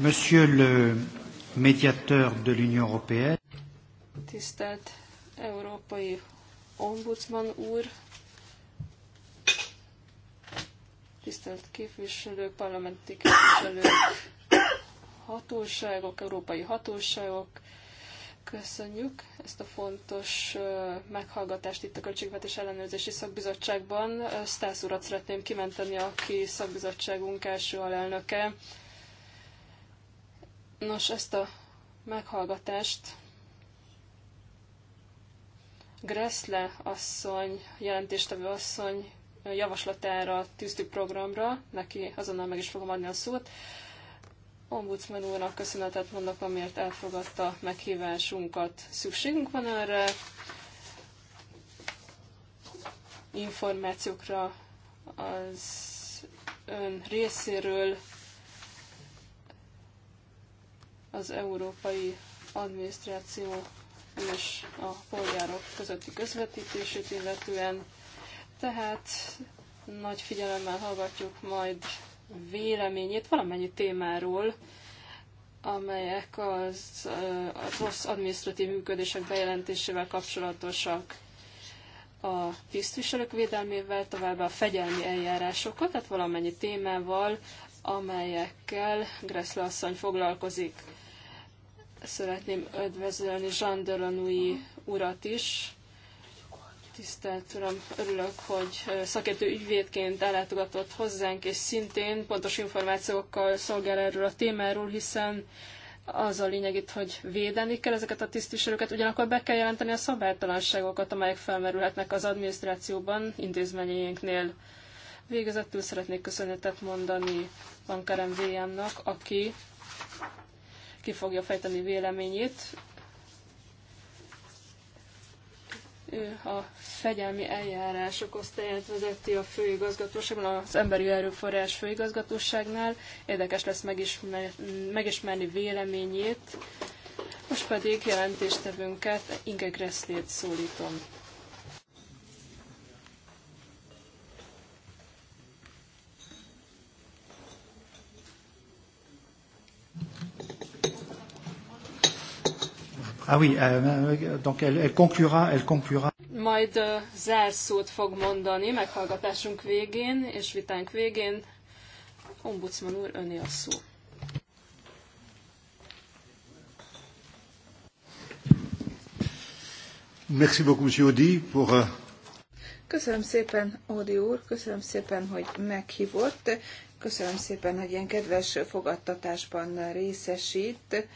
Monsieur le médiateur de l'Union européenne. Tisztelt Európai Ombudsman úr, tisztelt képviselők, parlamenti képviselő, hatóságok, európai hatóságok, köszönjük ezt a fontos meghallgatást itt a Költségvetés Ellenőrzési Szakbizottságban. Stász urat szeretném kimenteni, aki szakbizottságunk első alelnöke. Nos, ezt a meghallgatást Gressle asszony, jelentéstevő asszony javaslatára tűztük programra, neki azonnal meg is fogom adni a szót. Ombudsman úrnak köszönetet mondok, amiért elfogadta meghívásunkat. Szükségünk van erre információkra az ön részéről, az európai adminisztráció és a polgárok közötti közvetítését illetően. Tehát nagy figyelemmel hallgatjuk majd véleményét valamennyi témáról, amelyek az, az rossz adminisztratív működések bejelentésével kapcsolatosak a tisztviselők védelmével, továbbá a fegyelmi eljárásokkal, tehát valamennyi témával, amelyekkel Gressle asszony foglalkozik. Szeretném ödvözölni Jean urat is. Tisztelt Uram, örülök, hogy szakértő ügyvédként ellátogatott hozzánk, és szintén pontos információkkal szolgál erről a témáról, hiszen az a lényeg itt, hogy védeni kell ezeket a tisztviselőket, ugyanakkor be kell jelenteni a szabálytalanságokat, amelyek felmerülhetnek az adminisztrációban, intézményeinknél. Végezetül szeretnék köszönetet mondani Van Kerem aki ki fogja fejteni véleményét. Ő a fegyelmi eljárások osztályát vezeti a főigazgatóságban, az Emberi Erőforrás főigazgatóságnál. Érdekes lesz megismer, megismerni véleményét. Most pedig jelentéstevőnket Inge Gresslét szólítom. Ah oui, euh, donc elle, elle conclura, elle conclura. Majd uh, zárszót fog mondani meghallgatásunk végén és vitánk végén. Ombudsman úr, öné a szó. Merci beaucoup, Monsieur Audi, pour uh, Köszönöm szépen, Ódi úr, köszönöm szépen, hogy meghívott, köszönöm szépen, hogy ilyen kedves fogadtatásban részesít.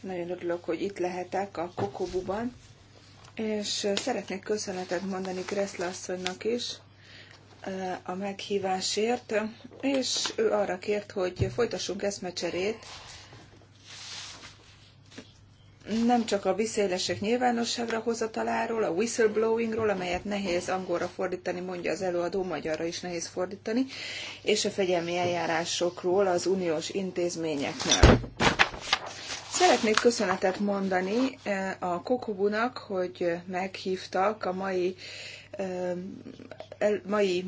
Nagyon örülök, hogy itt lehetek a Kokobuban, és szeretnék köszönetet mondani Kreszla asszonynak is eh, a meghívásért, és ő arra kért, hogy folytassunk eszmecserét nem csak a visszaélések nyilvánosságra hozataláról, a whistleblowingról, amelyet nehéz angolra fordítani, mondja az előadó, magyarra is nehéz fordítani, és a fegyelmi eljárásokról az uniós intézményeknél. Szeretnék köszönetet mondani eh, a Kokobunak, hogy meghívtak a mai, eh, mai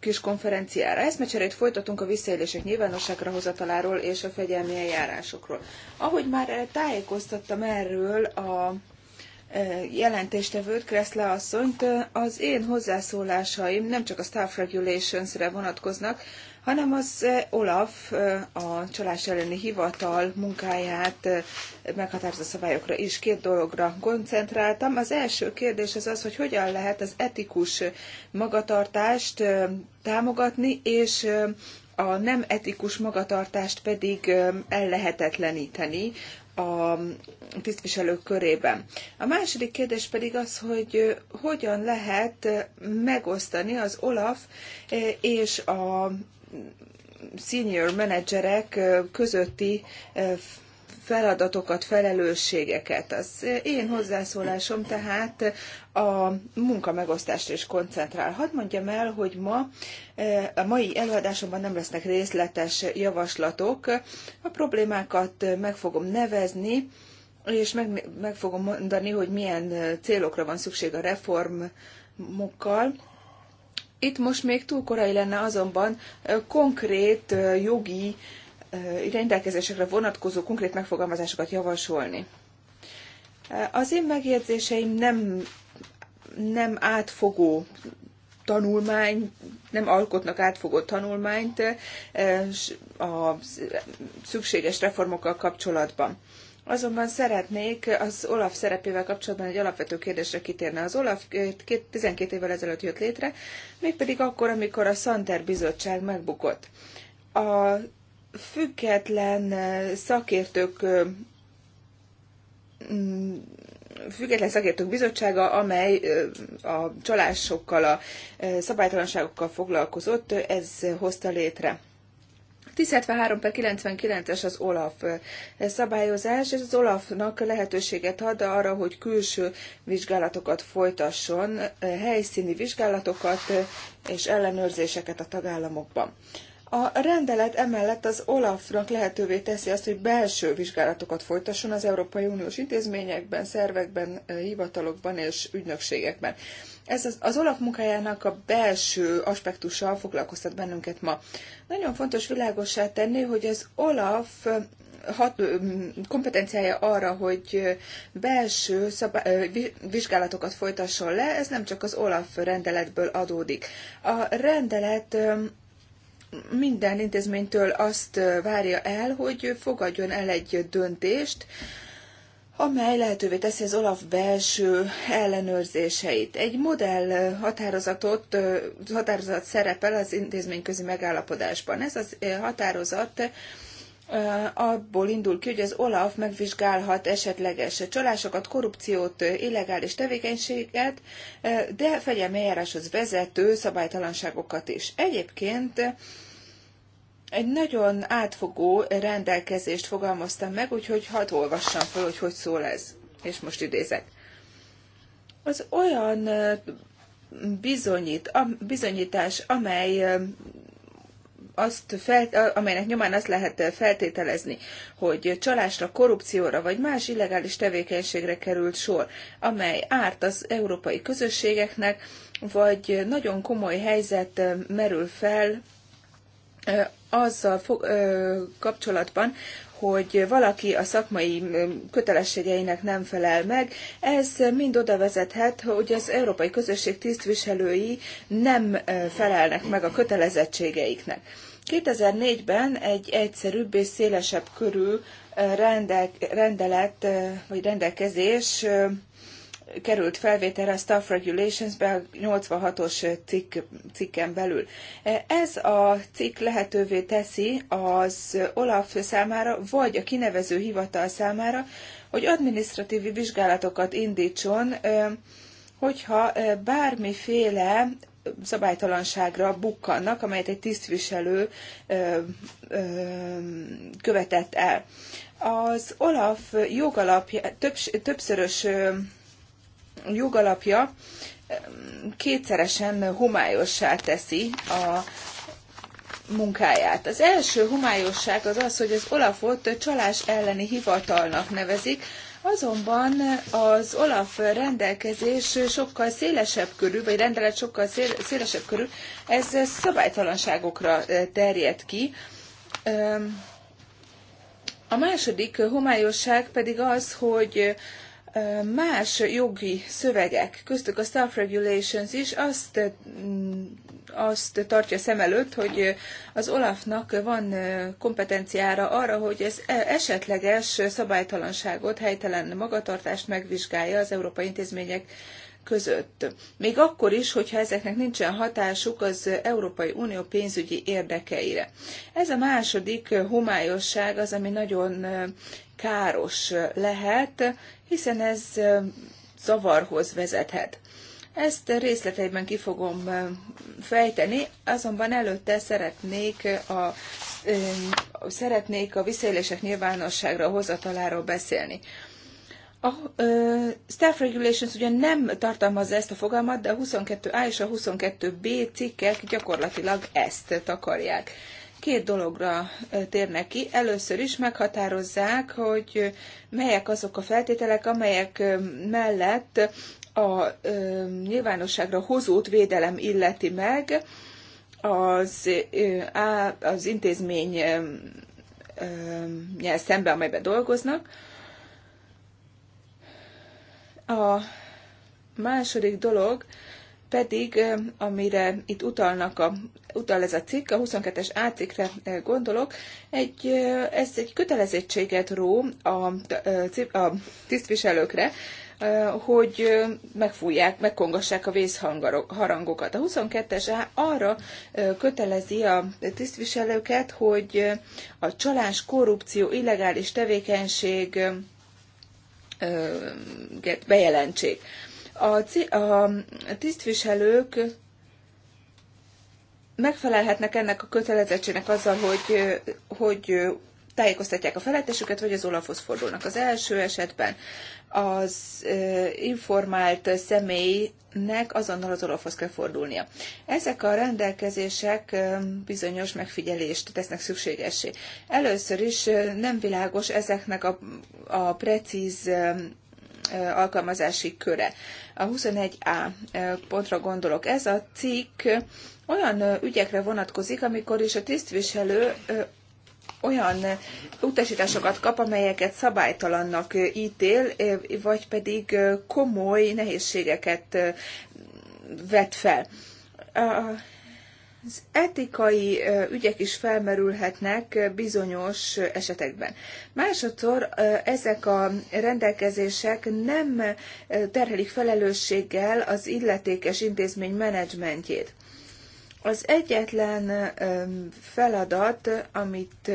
kis konferenciára. Eszmecserét folytatunk a visszaélések nyilvánosságra hozataláról és a fegyelmi eljárásokról. Ahogy már tájékoztattam erről a e, jelentéstevőt, Kreszle asszonyt, e, az én hozzászólásaim nem csak a staff regulations-re vonatkoznak, hanem az eh, OLAF, eh, a csalás elleni hivatal munkáját eh, meghatározó szabályokra is két dologra koncentráltam. Az első kérdés az az, hogy hogyan lehet az etikus magatartást támogatni, és a nem etikus magatartást pedig ellehetetleníteni a tisztviselők körében. A második kérdés pedig az, hogy hogyan lehet megosztani az OLAF és a senior menedzserek közötti feladatokat, felelősségeket. Az én hozzászólásom tehát a munka munkamegosztásra is koncentrál. Hadd mondjam el, hogy ma a mai előadásomban nem lesznek részletes javaslatok. A problémákat meg fogom nevezni, és meg, meg fogom mondani, hogy milyen célokra van szükség a reformokkal itt most még túl korai lenne azonban konkrét jogi rendelkezésekre vonatkozó konkrét megfogalmazásokat javasolni. Az én megjegyzéseim nem, nem átfogó tanulmány, nem alkotnak átfogó tanulmányt a szükséges reformokkal kapcsolatban. Azonban szeretnék az Olaf szerepével kapcsolatban egy alapvető kérdésre kitérni. Az Olaf 12 évvel ezelőtt jött létre, mégpedig akkor, amikor a Santer Bizottság megbukott. A független szakértők független szakértők bizottsága, amely a csalásokkal, a szabálytalanságokkal foglalkozott, ez hozta létre. 1073 per 99-es az OLAF szabályozás, és az OLAF-nak lehetőséget ad arra, hogy külső vizsgálatokat folytasson, helyszíni vizsgálatokat és ellenőrzéseket a tagállamokban. A rendelet emellett az Olafnak lehetővé teszi azt, hogy belső vizsgálatokat folytasson az Európai Uniós intézményekben, szervekben, hivatalokban és ügynökségekben. Ez az, az Olaf munkájának a belső aspektussal foglalkoztat bennünket ma. Nagyon fontos világosá tenni, hogy az Olaf hat, kompetenciája arra, hogy belső szabá, vizsgálatokat folytasson le, ez nem csak az OLAF rendeletből adódik. A rendelet minden intézménytől azt várja el, hogy fogadjon el egy döntést, amely lehetővé teszi az Olaf belső ellenőrzéseit. Egy modell határozatot, határozat szerepel az intézményközi megállapodásban. Ez az határozat abból indul ki, hogy az OLAF megvizsgálhat esetleges csalásokat, korrupciót, illegális tevékenységet, de fegyelmi eljáráshoz vezető szabálytalanságokat is. Egyébként egy nagyon átfogó rendelkezést fogalmaztam meg, úgyhogy hadd olvassam fel, hogy hogy szól ez. És most idézek. Az olyan bizonyít, a bizonyítás, amely azt fel, amelynek nyomán azt lehet eh, feltételezni, hogy csalásra, korrupcióra vagy más illegális tevékenységre került sor, amely árt az európai közösségeknek, vagy nagyon komoly helyzet eh, merül fel eh, azzal fog, kapcsolatban, hogy valaki a szakmai kötelességeinek nem felel meg. Ez mind oda vezethet, hogy az európai közösség tisztviselői nem felelnek meg a kötelezettségeiknek. 2004-ben egy egyszerűbb és szélesebb körű rendelet vagy rendelkezés került felvételre a Staff Regulations-be a 86-os cikk, cikken belül. Ez a cikk lehetővé teszi az OLAF számára, vagy a kinevező hivatal számára, hogy adminisztratív vizsgálatokat indítson, hogyha bármiféle szabálytalanságra bukkannak, amelyet egy tisztviselő követett el. Az Olaf jogalapja, többszörös jogalapja kétszeresen homályossá teszi a munkáját. Az első homályosság az az, hogy az Olafot csalás elleni hivatalnak nevezik, Azonban az OLAF rendelkezés sokkal szélesebb körül, vagy rendelet sokkal szélesebb körül, ez szabálytalanságokra terjed ki. A második homályosság pedig az, hogy más jogi szövegek, köztük a staff regulations is, azt, mm, azt tartja szem előtt, hogy az Olafnak van kompetenciára arra, hogy ez e, esetleges szabálytalanságot, helytelen magatartást megvizsgálja az európai intézmények között. Még akkor is, hogyha ezeknek nincsen hatásuk az Európai Unió pénzügyi érdekeire. Ez a második homályosság az, ami nagyon káros lehet, hiszen ez zavarhoz vezethet. Ezt részleteiben ki fogom fejteni, azonban előtte szeretnék a, szeretnék a visszaélések nyilvánosságra hozataláról beszélni. A staff regulations ugye nem tartalmazza ezt a fogalmat, de a 22A és a 22B cikkek gyakorlatilag ezt takarják. Két dologra térnek ki. Először is meghatározzák, hogy melyek azok a feltételek, amelyek mellett a nyilvánosságra hozót védelem illeti meg az, az intézmény szemben, szembe, amelyben dolgoznak a második dolog pedig, amire itt utalnak a, utal ez a cikk, a 22-es ácikkre gondolok, egy, ez egy kötelezettséget ró a, a tisztviselőkre, hogy megfújják, megkongassák a vészharangokat. A 22-es arra kötelezi a tisztviselőket, hogy a csalás, korrupció, illegális tevékenység bejelentsék. A, a tisztviselők megfelelhetnek ennek a kötelezettségnek azzal, hogy, hogy tájékoztatják a felettesüket, vagy az Olafhoz fordulnak. Az első esetben az informált személynek azonnal az Olafhoz kell fordulnia. Ezek a rendelkezések bizonyos megfigyelést tesznek szükségessé. Először is nem világos ezeknek a, a precíz alkalmazási köre. A 21A pontra gondolok. Ez a cikk olyan ügyekre vonatkozik, amikor is a tisztviselő olyan utasításokat kap, amelyeket szabálytalannak ítél, vagy pedig komoly nehézségeket vet fel. Az etikai ügyek is felmerülhetnek bizonyos esetekben. Másodszor ezek a rendelkezések nem terhelik felelősséggel az illetékes intézmény menedzsmentjét. Az egyetlen feladat, amit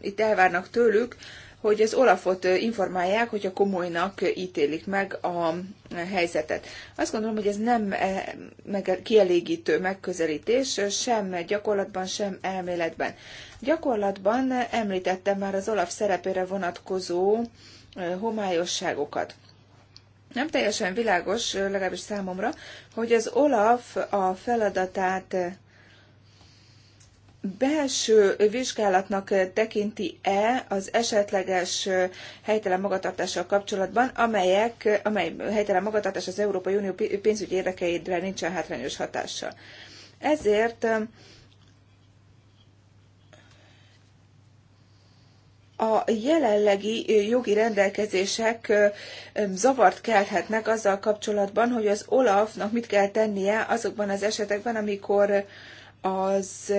itt elvárnak tőlük, hogy az Olafot informálják, hogyha komolynak ítélik meg a helyzetet. Azt gondolom, hogy ez nem e, kielégítő megközelítés, sem gyakorlatban, sem elméletben. Gyakorlatban említettem már az Olaf szerepére vonatkozó homályosságokat nem teljesen világos, legalábbis számomra, hogy az Olaf a feladatát belső vizsgálatnak tekinti-e az esetleges helytelen magatartással kapcsolatban, amelyek, amely helytelen magatartás az Európai Unió pénzügyi érdekeidre nincsen hátrányos hatással. Ezért a jelenlegi jogi rendelkezések zavart kelthetnek azzal kapcsolatban, hogy az Olafnak mit kell tennie azokban az esetekben, amikor az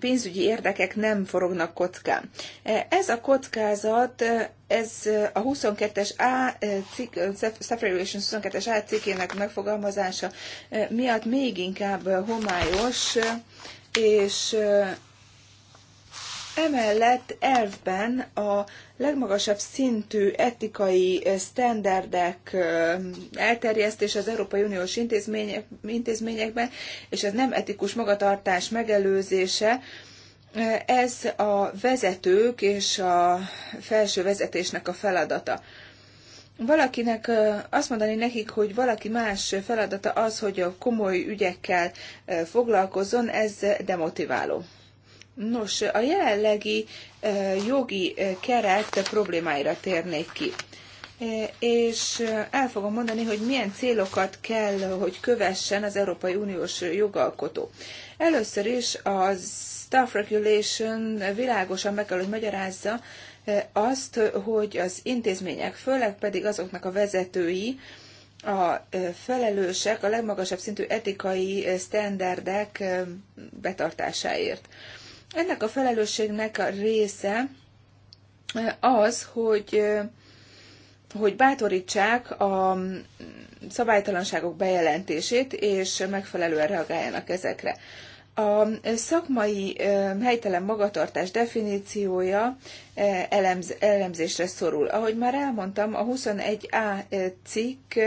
pénzügyi érdekek nem forognak kockán. E, ez a kockázat, ez a 22-es A cikk, Separation 22-es A cikkének megfogalmazása miatt még inkább homályos, és Emellett elvben a legmagasabb szintű etikai sztenderdek elterjesztése az Európai Uniós intézmények, intézményekben, és ez nem etikus magatartás megelőzése, ez a vezetők és a felső vezetésnek a feladata valakinek azt mondani nekik, hogy valaki más feladata az, hogy a komoly ügyekkel foglalkozzon, ez demotiváló. Nos, a jelenlegi jogi keret problémáira térnék ki. És el fogom mondani, hogy milyen célokat kell, hogy kövessen az Európai Uniós jogalkotó. Először is a Staff Regulation világosan meg kell, hogy magyarázza azt, hogy az intézmények, főleg pedig azoknak a vezetői, a felelősek a legmagasabb szintű etikai sztenderdek betartásáért. Ennek a felelősségnek a része az, hogy hogy bátorítsák a szabálytalanságok bejelentését, és megfelelően reagáljanak ezekre. A szakmai helytelen magatartás definíciója elemz, elemzésre szorul. Ahogy már elmondtam, a 21A cikk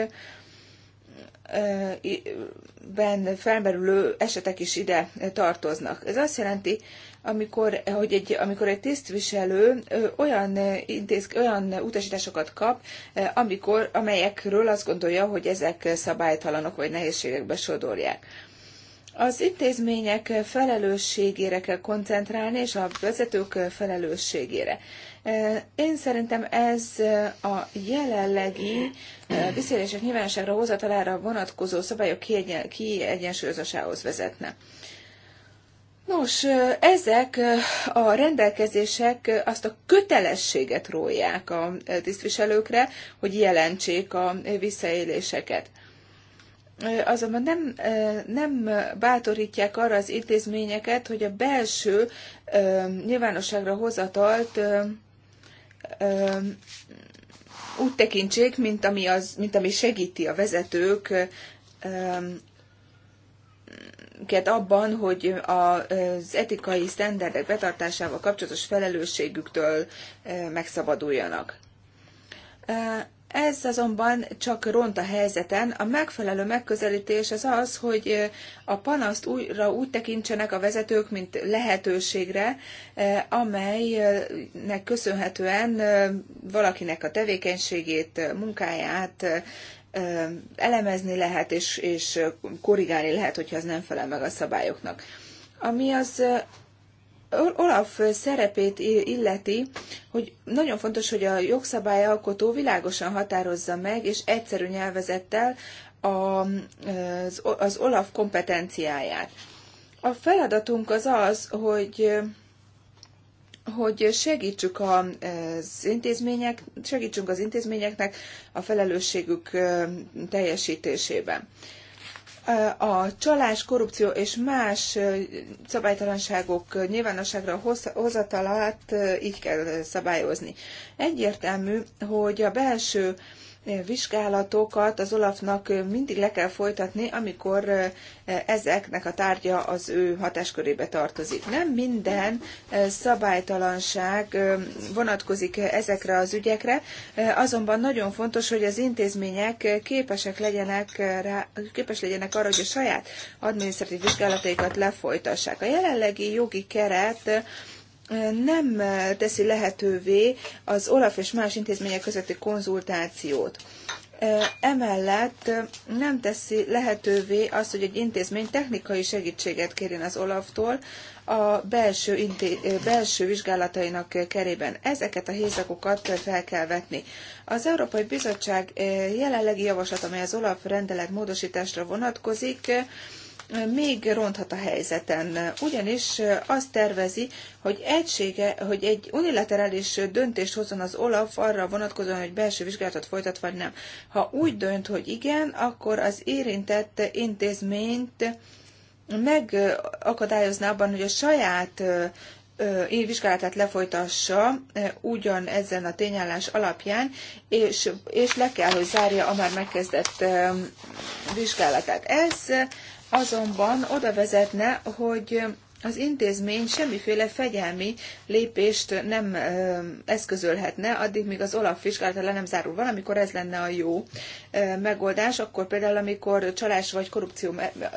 ben felmerülő esetek is ide tartoznak. Ez azt jelenti, amikor, hogy egy, amikor egy tisztviselő olyan, intéz, olyan utasításokat kap, amikor, amelyekről azt gondolja, hogy ezek szabálytalanok vagy nehézségekbe sodorják. Az intézmények felelősségére kell koncentrálni, és a vezetők felelősségére. Én szerintem ez a jelenlegi visszaélések nyilvánosságra hozatalára vonatkozó szabályok kiegyensúlyozásához vezetne. Nos, ezek a rendelkezések azt a kötelességet róják a tisztviselőkre, hogy jelentsék a visszaéléseket. Azonban nem, nem bátorítják arra az intézményeket, hogy a belső nyilvánosságra hozatalt úgy tekintsék, mint ami, az, mint ami segíti a vezetők őket abban, hogy az etikai sztenderdek betartásával kapcsolatos felelősségüktől megszabaduljanak. Ez azonban csak ront a helyzeten. A megfelelő megközelítés az az, hogy a panaszt újra úgy tekintsenek a vezetők, mint lehetőségre, amelynek köszönhetően valakinek a tevékenységét, munkáját elemezni lehet, és, és korrigálni lehet, hogyha az nem felel meg a szabályoknak. Ami az Olaf szerepét illeti, hogy nagyon fontos, hogy a jogszabályalkotó világosan határozza meg, és egyszerű nyelvezettel az Olaf kompetenciáját. A feladatunk az az, hogy hogy segítsük az intézmények, segítsünk az intézményeknek a felelősségük teljesítésében. A csalás, korrupció és más szabálytalanságok nyilvánosságra hozatalát így kell szabályozni. Egyértelmű, hogy a belső vizsgálatokat az Olafnak mindig le kell folytatni, amikor eh, ezeknek a tárgya az ő hatáskörébe tartozik. Nem minden eh, szabálytalanság eh, vonatkozik ezekre az ügyekre, azonban nagyon fontos, hogy az intézmények képesek legyenek, rá, képes legyenek arra, hogy a saját adminisztratív vizsgálataikat lefolytassák. A jelenlegi jogi keret nem teszi lehetővé az OLAF és más intézmények közötti konzultációt. Emellett nem teszi lehetővé azt, hogy egy intézmény technikai segítséget kérjen az OLAF-tól a belső, inté- belső vizsgálatainak kerében. Ezeket a hézakokat fel kell vetni. Az Európai Bizottság jelenlegi javaslat, amely az OLAF rendelet módosításra vonatkozik, még ronthat a helyzeten, ugyanis azt tervezi, hogy egysége, hogy egy unilaterális döntést hozzon az Olaf arra vonatkozóan, hogy belső vizsgálatot folytat vagy nem. Ha úgy dönt, hogy igen, akkor az érintett intézményt megakadályozná abban, hogy a saját én vizsgálatát lefolytassa ugyan ezen a tényállás alapján, és, és le kell, hogy zárja a már megkezdett vizsgálatát. Ez azonban oda vezetne, hogy az intézmény semmiféle fegyelmi lépést nem ö, eszközölhetne, addig, míg az OLAF vizsgálata le nem zárul. Valamikor ez lenne a jó ö, megoldás, akkor például, amikor csalás vagy korrupció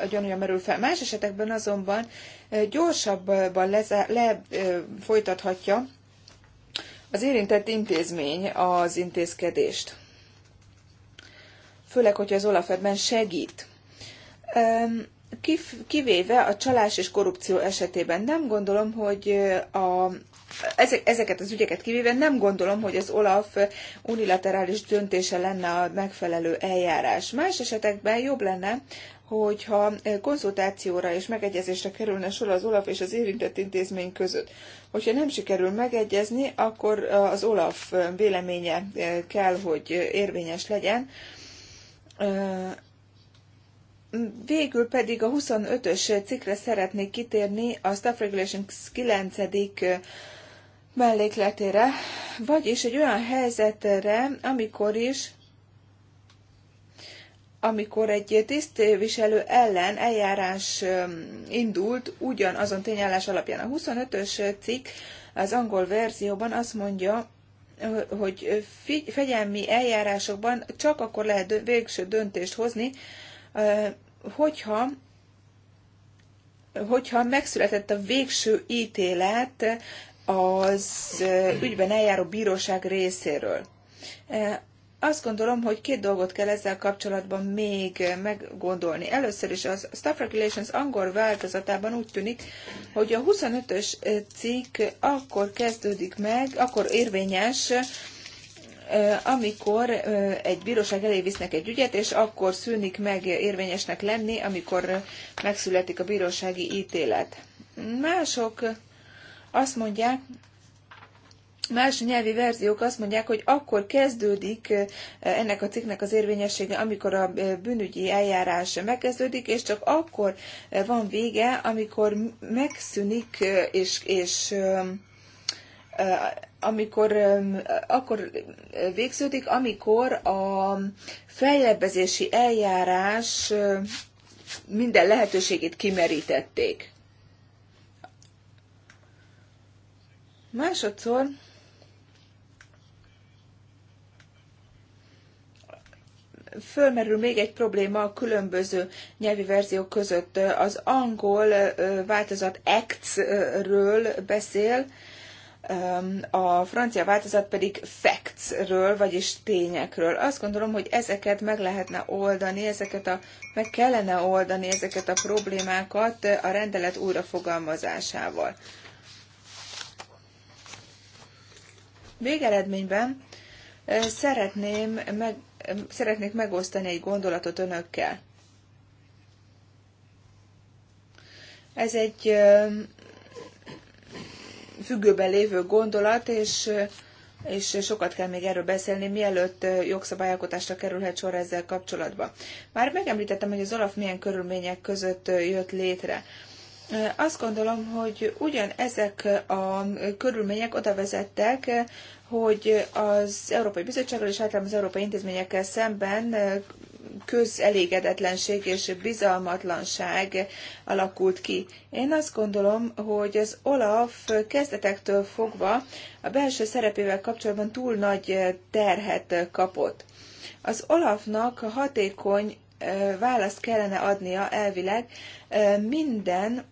gyanúja merül fel. Más esetekben azonban ö, gyorsabban lefolytathatja le, az érintett intézmény az intézkedést. Főleg, hogyha az OLAF ebben segít kivéve a csalás és korrupció esetében. Nem gondolom, hogy a, ezeket az ügyeket kivéve nem gondolom, hogy az Olaf unilaterális döntése lenne a megfelelő eljárás. Más esetekben jobb lenne, hogyha konzultációra és megegyezésre kerülne sor az Olaf és az érintett intézmény között. Hogyha nem sikerül megegyezni, akkor az Olaf véleménye kell, hogy érvényes legyen Végül pedig a 25-ös cikkre szeretnék kitérni a Staff Regulations 9 mellékletére, vagyis egy olyan helyzetre, amikor is amikor egy tisztviselő ellen eljárás indult, ugyanazon tényállás alapján. A 25-ös cikk az angol verzióban azt mondja, hogy fegyelmi eljárásokban csak akkor lehet végső döntést hozni, hogyha hogyha megszületett a végső ítélet az ügyben eljáró bíróság részéről. Azt gondolom, hogy két dolgot kell ezzel kapcsolatban még meggondolni. Először is az Staff Regulations angol változatában úgy tűnik, hogy a 25-ös cikk akkor kezdődik meg, akkor érvényes, amikor egy bíróság elé visznek egy ügyet, és akkor szűnik meg érvényesnek lenni, amikor megszületik a bírósági ítélet. Mások azt mondják, Más nyelvi verziók azt mondják, hogy akkor kezdődik ennek a cikknek az érvényessége, amikor a bűnügyi eljárás megkezdődik, és csak akkor van vége, amikor megszűnik és, és amikor akkor végződik, amikor a fejlebbezési eljárás minden lehetőségét kimerítették. Másodszor fölmerül még egy probléma a különböző nyelvi verziók között. Az angol változat acts-ről beszél, a francia változat pedig factsről, vagyis tényekről. Azt gondolom, hogy ezeket meg lehetne oldani, ezeket a, meg kellene oldani ezeket a problémákat a rendelet újrafogalmazásával. Végeredményben szeretném meg, szeretnék megosztani egy gondolatot önökkel. Ez egy függőben lévő gondolat, és, és sokat kell még erről beszélni, mielőtt jogszabályalkotásra kerülhet sor ezzel kapcsolatban. Már megemlítettem, hogy az Olaf milyen körülmények között jött létre. Azt gondolom, hogy ugyan ezek a körülmények oda vezettek, hogy az Európai Bizottsággal és általában az európai intézményekkel szemben közelégedetlenség és bizalmatlanság alakult ki. Én azt gondolom, hogy az Olaf kezdetektől fogva a belső szerepével kapcsolatban túl nagy terhet kapott. Az Olafnak hatékony választ kellene adnia elvileg minden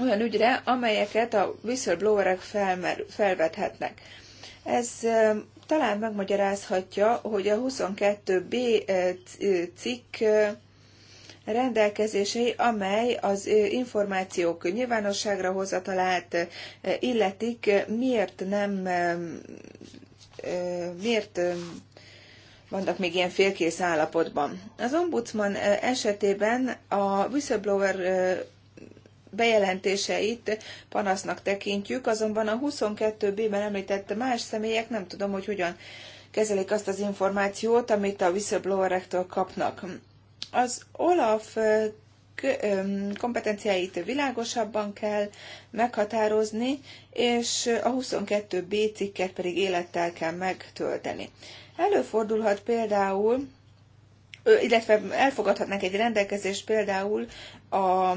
olyan ügyre, amelyeket a whistleblowerek felmer, felvethetnek. Ez talán megmagyarázhatja, hogy a 22b eh, cikk eh, rendelkezései, amely az eh, információk nyilvánosságra hozatalát illetik, miért nem, miért vannak még ilyen félkész állapotban. Az ombudsman esetében a whistleblower bejelentéseit panasznak tekintjük, azonban a 22B-ben említett más személyek nem tudom, hogy hogyan kezelik azt az információt, amit a whistleblower whistleblower-ektől kapnak. Az Olaf kompetenciáit világosabban kell meghatározni, és a 22B cikket pedig élettel kell megtölteni. Előfordulhat például, illetve elfogadhatnak egy rendelkezést például a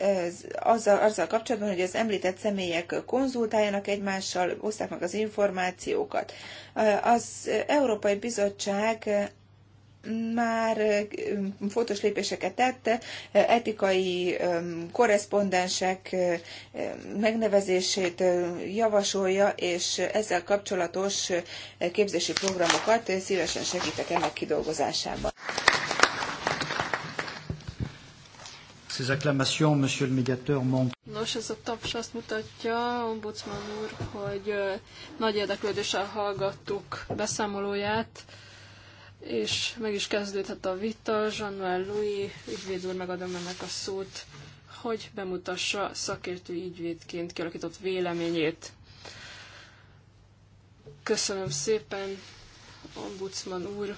ez, azzal, azzal kapcsolatban, hogy az említett személyek konzultáljanak egymással, oszták meg az információkat. Az Európai Bizottság már um, fontos lépéseket tette, etikai um, korrespondensek um, megnevezését javasolja, és ezzel kapcsolatos képzési programokat szívesen segítek ennek kidolgozásában. Ces acclamations, monsieur le médiateur, montrent. Nos, ez a taps azt mutatja, ombudsman úr, hogy nagy érdeklődéssel hallgattuk beszámolóját, és meg is kezdődhet a vita. Jean-Noël Louis, ügyvéd úr, megadom ennek a szót, hogy bemutassa szakértő ügyvédként kialakított véleményét. Köszönöm szépen, ombudsman úr,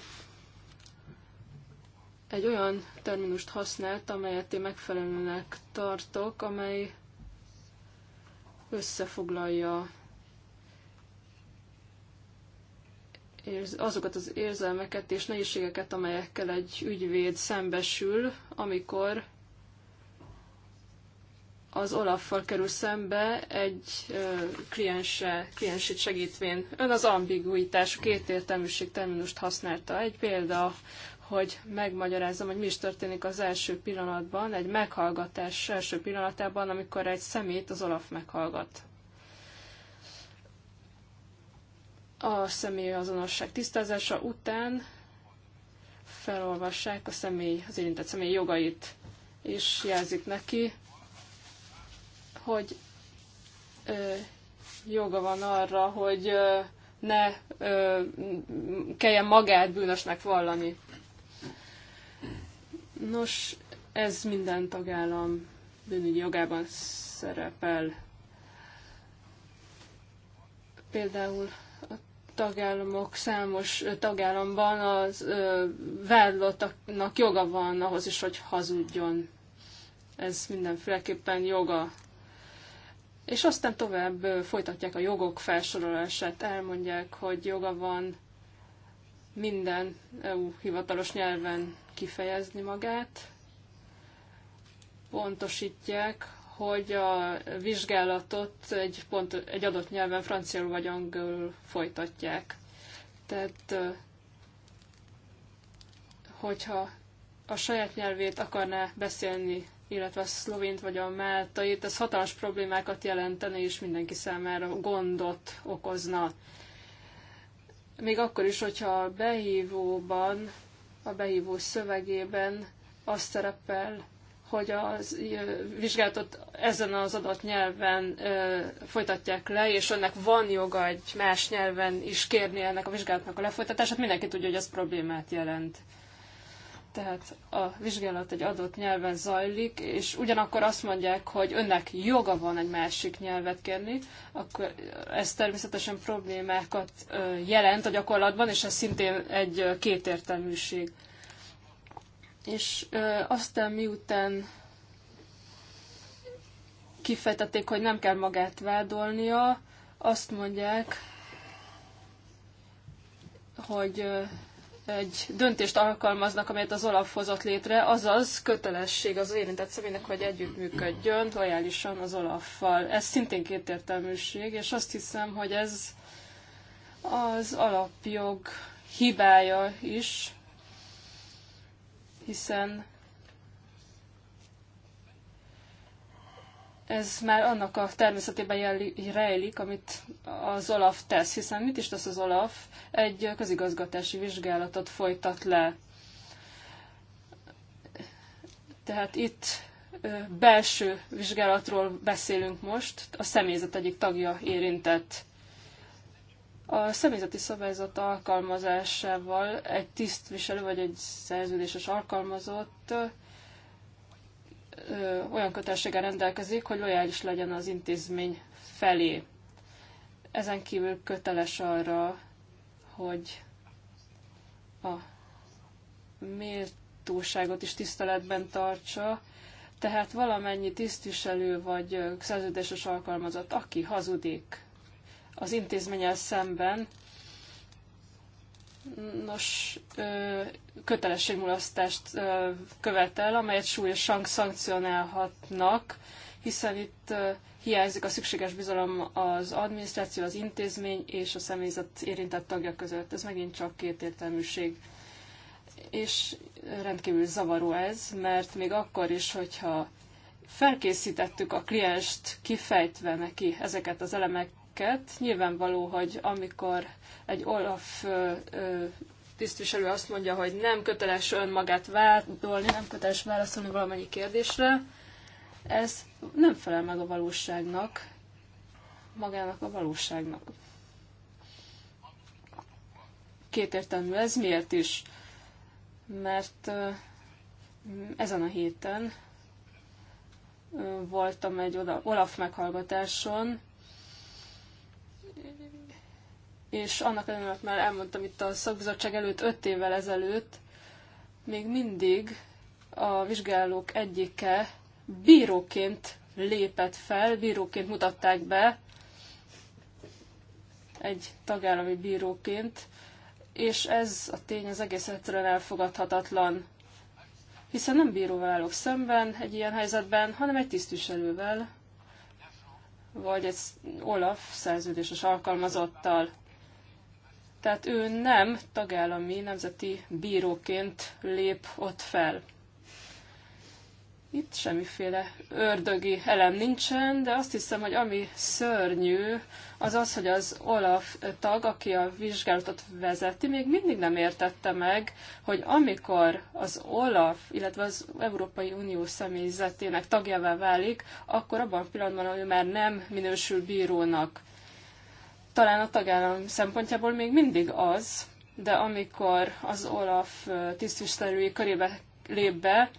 egy olyan terminust használt, amelyet én megfelelőnek tartok, amely összefoglalja azokat az érzelmeket és nehézségeket, amelyekkel egy ügyvéd szembesül, amikor az Olaffal kerül szembe egy kliense, kliensét segítvén. Ön az ambiguitás, kétértelműség terminust használta. Egy példa hogy megmagyarázom, hogy mi is történik az első pillanatban, egy meghallgatás első pillanatában, amikor egy szemét az Olaf meghallgat. A személy azonosság tisztázása után felolvassák a személy, az érintett személy jogait, és jelzik neki, hogy ö, joga van arra, hogy ö, ne ö, kelljen magát bűnösnek vallani. Nos, ez minden tagállam bűnügyi jogában szerepel. Például a tagállamok számos tagállamban az ö, vádlottaknak joga van ahhoz is, hogy hazudjon. Ez mindenféleképpen joga. És aztán tovább folytatják a jogok felsorolását, elmondják, hogy joga van minden EU hivatalos nyelven kifejezni magát. Pontosítják, hogy a vizsgálatot egy, pont, egy adott nyelven, franciául vagy angolul folytatják. Tehát, hogyha a saját nyelvét akarná beszélni, illetve a szlovént vagy a máltait, ez hatalmas problémákat jelentene, és mindenki számára gondot okozna. Még akkor is, hogyha a behívóban a beívó szövegében az szerepel, hogy a vizsgálatot ezen az adott nyelven ö, folytatják le, és önnek van joga egy más nyelven is kérni ennek a vizsgálatnak a lefolytatását, mindenki tudja, hogy ez problémát jelent tehát a vizsgálat egy adott nyelven zajlik, és ugyanakkor azt mondják, hogy önnek joga van egy másik nyelvet kérni, akkor ez természetesen problémákat jelent a gyakorlatban, és ez szintén egy kétértelműség. És aztán miután kifejtették, hogy nem kell magát vádolnia, azt mondják, hogy egy döntést alkalmaznak, amelyet az Olaf hozott létre, azaz kötelesség az érintett személynek, hogy együttműködjön lojálisan az Olaffal. Ez szintén kétértelműség, és azt hiszem, hogy ez az alapjog hibája is, hiszen ez már annak a természetében rejlik, amit az Olaf tesz, hiszen mit is tesz az Olaf? Egy közigazgatási vizsgálatot folytat le. Tehát itt belső vizsgálatról beszélünk most, a személyzet egyik tagja érintett. A személyzeti szabályzat alkalmazásával egy tisztviselő vagy egy szerződéses alkalmazott olyan kötelessége rendelkezik, hogy lojális legyen az intézmény felé. Ezen kívül köteles arra, hogy a méltóságot is tiszteletben tartsa, tehát valamennyi tisztviselő vagy szerződéses alkalmazott, aki hazudik az intézménnyel szemben, Nos, kötelességmulasztást követel, amelyet súlyosan szankcionálhatnak, hiszen itt hiányzik a szükséges bizalom az adminisztráció, az intézmény és a személyzet érintett tagja között. Ez megint csak kétértelműség. És rendkívül zavaró ez, mert még akkor is, hogyha felkészítettük a klienst, kifejtve neki ezeket az elemek, őket. Nyilvánvaló, hogy amikor egy Olaf tisztviselő azt mondja, hogy nem köteles önmagát vádolni, nem köteles válaszolni valamennyi kérdésre, ez nem felel meg a valóságnak, magának a valóságnak. Kétértelmű ez miért is? Mert ezen a héten voltam egy Olaf meghallgatáson, és annak ellenére, már elmondtam itt a szakbizottság előtt öt évvel ezelőtt, még mindig a vizsgálók egyike bíróként lépett fel, bíróként mutatták be, egy tagállami bíróként, és ez a tény az egész egyszerűen elfogadhatatlan. Hiszen nem bíróval állok szemben egy ilyen helyzetben, hanem egy tisztviselővel, vagy egy Olaf szerződéses alkalmazottal. Tehát ő nem tagállami nemzeti bíróként lép ott fel. Itt semmiféle ördögi elem nincsen, de azt hiszem, hogy ami szörnyű, az az, hogy az Olaf tag, aki a vizsgálatot vezeti, még mindig nem értette meg, hogy amikor az Olaf, illetve az Európai Unió személyzetének tagjává válik, akkor abban a pillanatban, hogy már nem minősül bírónak talán a tagállam szempontjából még mindig az, de amikor az Olaf tisztviselői körébe lép be,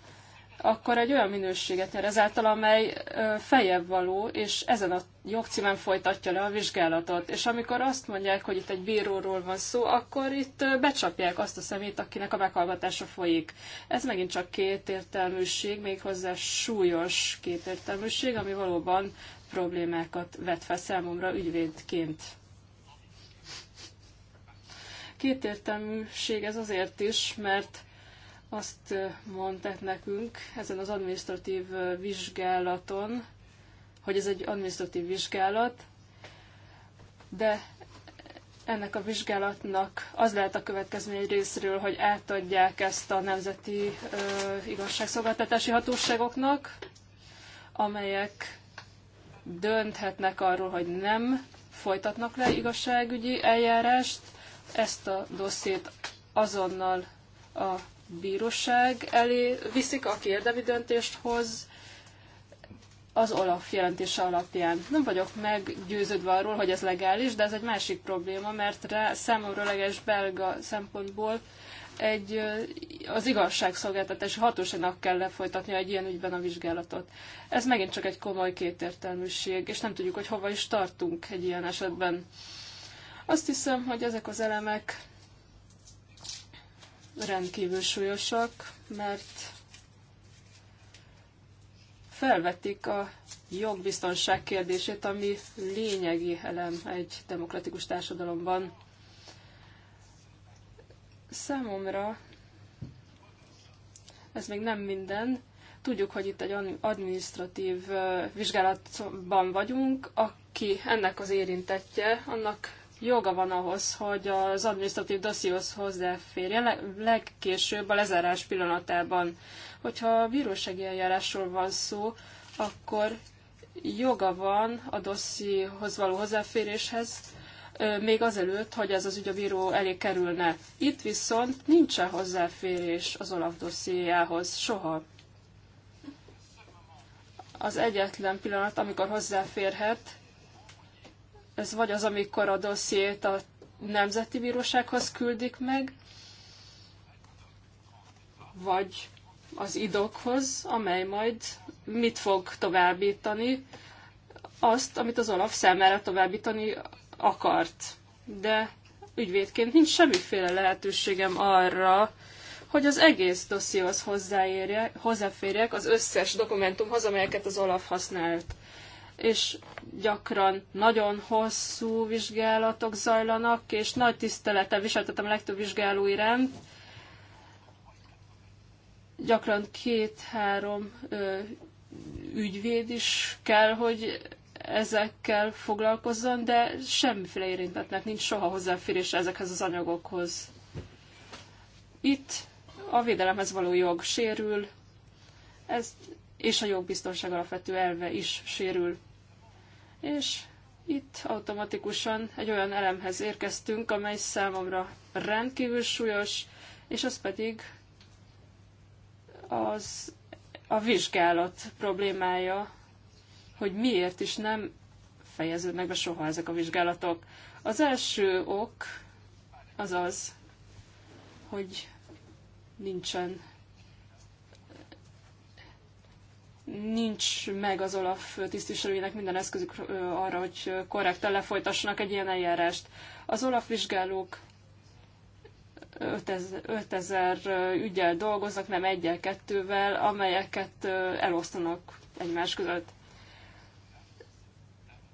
akkor egy olyan minőséget nyer ezáltal, amely feljebb való, és ezen a jogcímen folytatja le a vizsgálatot. És amikor azt mondják, hogy itt egy bíróról van szó, akkor itt becsapják azt a szemét, akinek a meghallgatása folyik. Ez megint csak kétértelműség, méghozzá súlyos kétértelműség, ami valóban problémákat vet fel számomra ügyvédként. Kétértelműség ez azért is, mert azt mondták nekünk ezen az administratív vizsgálaton, hogy ez egy administratív vizsgálat, de ennek a vizsgálatnak az lehet a következmény részről, hogy átadják ezt a nemzeti ö, igazságszolgáltatási hatóságoknak, amelyek dönthetnek arról, hogy nem folytatnak le igazságügyi eljárást, ezt a dossziét azonnal a bíróság elé viszik, aki érdemi döntést hoz, az Olaf jelentése alapján. Nem vagyok meggyőződve arról, hogy ez legális, de ez egy másik probléma, mert rá számomra leges belga szempontból egy, az igazságszolgáltatási hatóságnak kell lefolytatni egy ilyen ügyben a vizsgálatot. Ez megint csak egy komoly kétértelműség, és nem tudjuk, hogy hova is tartunk egy ilyen esetben. Azt hiszem, hogy ezek az elemek rendkívül súlyosak, mert felvetik a jogbiztonság kérdését, ami lényegi elem egy demokratikus társadalomban. Számomra ez még nem minden. Tudjuk, hogy itt egy adminisztratív vizsgálatban vagyunk, aki ennek az érintettje, annak joga van ahhoz, hogy az adminisztratív dosszióhoz hozzáférjen, legkésőbb a lezárás pillanatában. Hogyha a bírósági eljárásról van szó, akkor joga van a dossziéhoz való hozzáféréshez, még azelőtt, hogy ez az ügy a bíró elé kerülne. Itt viszont nincsen hozzáférés az Olaf dossziéjához, soha. Az egyetlen pillanat, amikor hozzáférhet, ez vagy az, amikor a dossziét a Nemzeti Bírósághoz küldik meg, vagy az idokhoz, amely majd mit fog továbbítani, azt, amit az Olaf számára továbbítani akart. De ügyvédként nincs semmiféle lehetőségem arra, hogy az egész dossziéhoz hozzáférjek az összes dokumentumhoz, amelyeket az Olaf használt. És gyakran nagyon hosszú vizsgálatok zajlanak, és nagy tisztelettel viseltetem a legtöbb vizsgálói iránt. Gyakran két-három ügyvéd is kell, hogy ezekkel foglalkozzon, de semmiféle érintetnek nincs soha hozzáférése ezekhez az anyagokhoz. Itt a védelemhez való jog sérül, ez, és a jogbiztonság alapvető elve is sérül és itt automatikusan egy olyan elemhez érkeztünk, amely számomra rendkívül súlyos, és az pedig az a vizsgálat problémája, hogy miért is nem fejeződnek be soha ezek a vizsgálatok. Az első ok az az, hogy nincsen nincs meg az Olaf tisztviselőinek minden eszközük arra, hogy korrektan lefolytassanak egy ilyen eljárást. Az Olaf vizsgálók 5000 ügyel dolgoznak, nem egyel, kettővel, amelyeket elosztanak egymás között.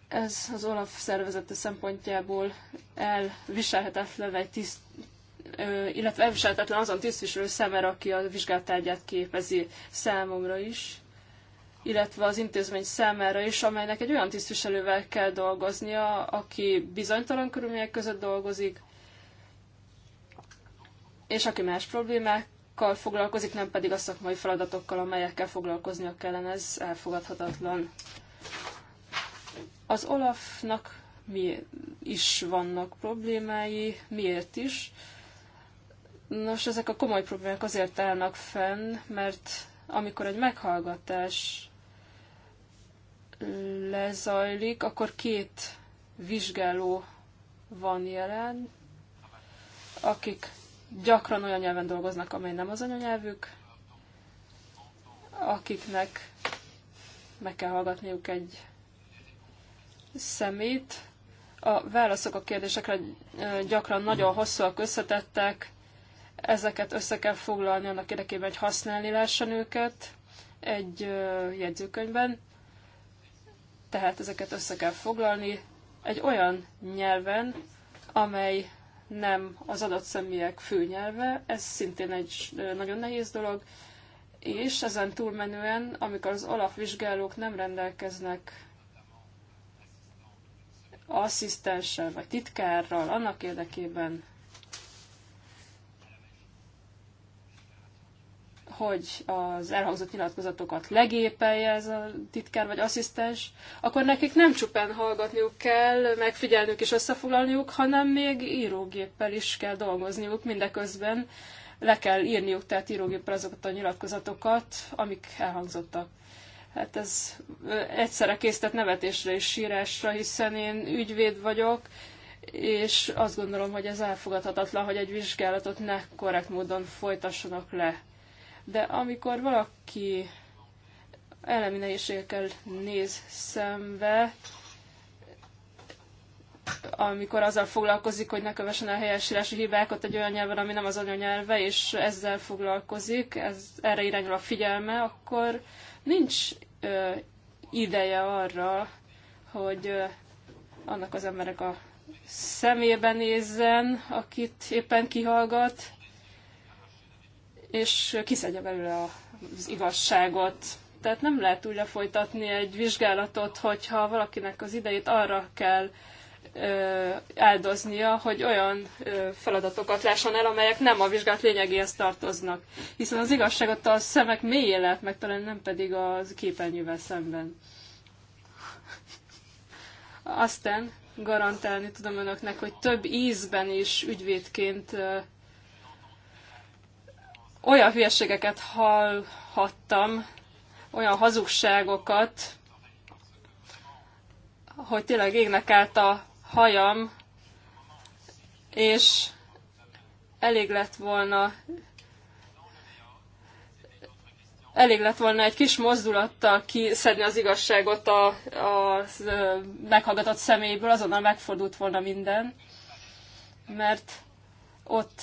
Ez az Olaf szervezete szempontjából elviselhetetlen egy tiszt, illetve elviselhetetlen azon tisztviselő szemére, aki a vizsgáltárgyát képezi számomra is illetve az intézmény számára is, amelynek egy olyan tisztviselővel kell dolgoznia, aki bizonytalan körülmények között dolgozik, és aki más problémákkal foglalkozik, nem pedig a szakmai feladatokkal, amelyekkel foglalkoznia kellene, ez elfogadhatatlan. Az Olafnak mi is vannak problémái, miért is? Nos, ezek a komoly problémák azért állnak fenn, mert amikor egy meghallgatás lezajlik, akkor két vizsgáló van jelen, akik gyakran olyan nyelven dolgoznak, amely nem az anyanyelvük, akiknek meg kell hallgatniuk egy szemét. A válaszok a kérdésekre gyakran nagyon hosszúak, összetettek, ezeket össze kell foglalni annak érdekében, hogy használni lehessen őket egy jegyzőkönyvben tehát ezeket össze kell foglalni egy olyan nyelven, amely nem az adott személyek főnyelve, ez szintén egy nagyon nehéz dolog, és ezen túlmenően, amikor az alapvizsgálók nem rendelkeznek asszisztenssel vagy titkárral annak érdekében, hogy az elhangzott nyilatkozatokat legépelje ez a titkár vagy asszisztens, akkor nekik nem csupán hallgatniuk kell, megfigyelniük és összefoglalniuk, hanem még írógéppel is kell dolgozniuk mindeközben. Le kell írniuk tehát írógéppel azokat a nyilatkozatokat, amik elhangzottak. Hát ez egyszerre készített nevetésre és sírásra, hiszen én ügyvéd vagyok, és azt gondolom, hogy ez elfogadhatatlan, hogy egy vizsgálatot ne korrekt módon folytassanak le. De amikor valaki elemi nehézségekkel néz szembe, amikor azzal foglalkozik, hogy ne kövessen el helyesírási hibákat egy olyan nyelven, ami nem az anyanyelve, és ezzel foglalkozik, ez, erre irányul a figyelme, akkor nincs ö, ideje arra, hogy ö, annak az emberek a szemébe nézzen, akit éppen kihallgat, és kiszedje belőle az igazságot. Tehát nem lehet úgy lefolytatni egy vizsgálatot, hogyha valakinek az idejét arra kell ö, áldoznia, hogy olyan ö, feladatokat lásson el, amelyek nem a vizsgált lényegéhez tartoznak. Hiszen az igazságot a szemek mélyén lehet megtalálni, nem pedig a képernyővel szemben. Aztán garantálni tudom önöknek, hogy több ízben is ügyvédként olyan hülyeségeket hallhattam, olyan hazugságokat, hogy tényleg égnek állt a hajam, és elég lett volna elég lett volna egy kis mozdulattal kiszedni az igazságot a, a, a meghallgatott személyből, azonnal megfordult volna minden, mert ott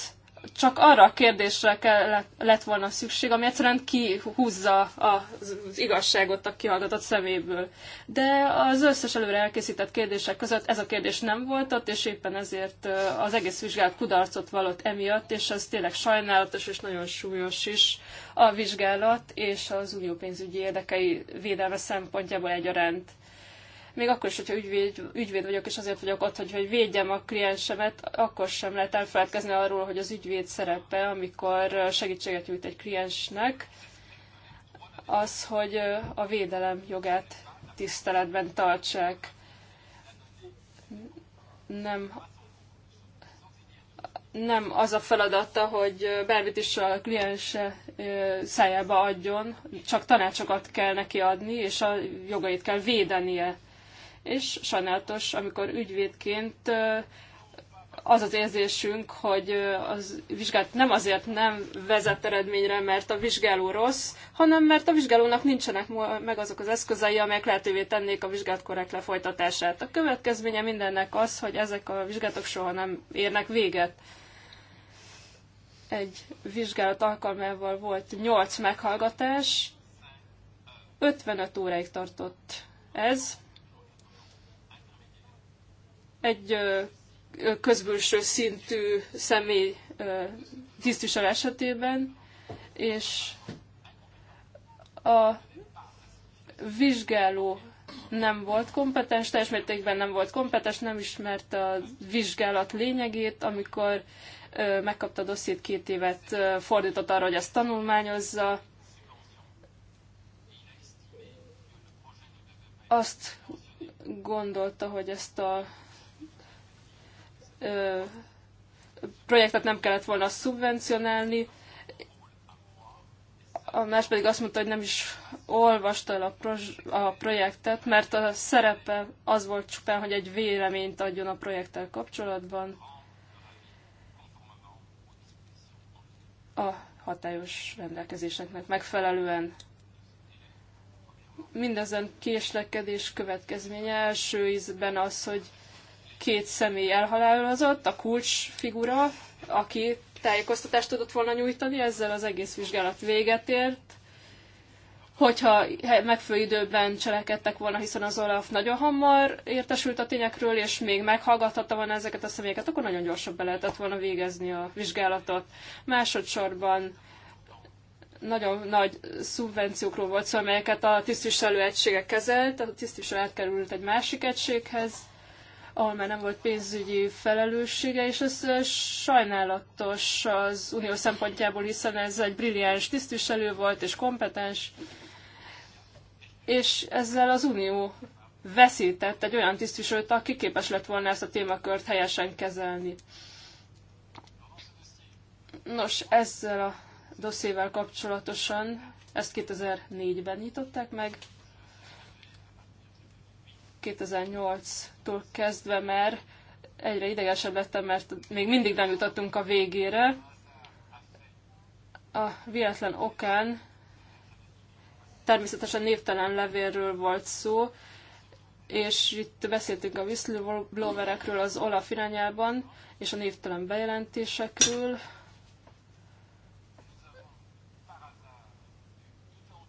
csak arra a kérdésre kellett, lett volna szükség, ami egyszerűen kihúzza az igazságot a kihallgatott szeméből. De az összes előre elkészített kérdések között ez a kérdés nem volt ott, és éppen ezért az egész vizsgálat kudarcot vallott emiatt, és ez tényleg sajnálatos és nagyon súlyos is a vizsgálat, és az unió pénzügyi érdekei védelme szempontjából egyaránt még akkor is, hogyha ügyvéd, ügyvéd vagyok, és azért vagyok ott, hogy, hogy védjem a kliensemet, akkor sem lehet elfeledkezni arról, hogy az ügyvéd szerepe, amikor segítséget nyújt egy kliensnek, az, hogy a védelem jogát tiszteletben tartsák. Nem nem az a feladata, hogy bármit is a kliens szájába adjon, csak tanácsokat kell neki adni, és a jogait kell védenie és sajnálatos, amikor ügyvédként az az érzésünk, hogy az vizsgát nem azért nem vezet eredményre, mert a vizsgáló rossz, hanem mert a vizsgálónak nincsenek meg azok az eszközei, amelyek lehetővé tennék a vizsgát korrekt lefolytatását. A következménye mindennek az, hogy ezek a vizsgátok soha nem érnek véget. Egy vizsgálat alkalmával volt 8 meghallgatás, 55 óráig tartott ez, egy közbülső szintű személy tisztviselő esetében, és a vizsgáló nem volt kompetens, teljes mértékben nem volt kompetens, nem ismerte a vizsgálat lényegét, amikor megkapta a dosszét két évet, fordított arra, hogy ezt tanulmányozza. Azt gondolta, hogy ezt a projektet nem kellett volna szubvencionálni, a más pedig azt mondta, hogy nem is olvasta el a, a projektet, mert a szerepe az volt csupán, hogy egy véleményt adjon a projekttel kapcsolatban. A hatályos rendelkezéseknek megfelelően. Mindezen késlekedés következménye első ízben az, hogy két személy elhalálozott, a kulcs figura, aki tájékoztatást tudott volna nyújtani, ezzel az egész vizsgálat véget ért. Hogyha megfelelő időben cselekedtek volna, hiszen az Olaf nagyon hamar értesült a tényekről, és még meghallgathatta volna ezeket a személyeket, akkor nagyon gyorsabb be lehetett volna végezni a vizsgálatot. Másodszorban nagyon nagy szubvenciókról volt szó, amelyeket a tisztviselő egységek kezelt, tehát a tisztviselő átkerült egy másik egységhez, ahol már nem volt pénzügyi felelőssége, és ez eh, sajnálatos az unió szempontjából, hiszen ez egy brilliáns tisztviselő volt, és kompetens, és ezzel az unió veszített egy olyan tisztviselőt, aki képes lett volna ezt a témakört helyesen kezelni. Nos, ezzel a dosszével kapcsolatosan ezt 2004-ben nyitották meg, 2008-tól kezdve már egyre idegesebb lettem, mert még mindig nem jutottunk a végére. A véletlen okán természetesen névtelen levélről volt szó, és itt beszéltünk a whistleblowerekről az Olaf irányában, és a névtelen bejelentésekről.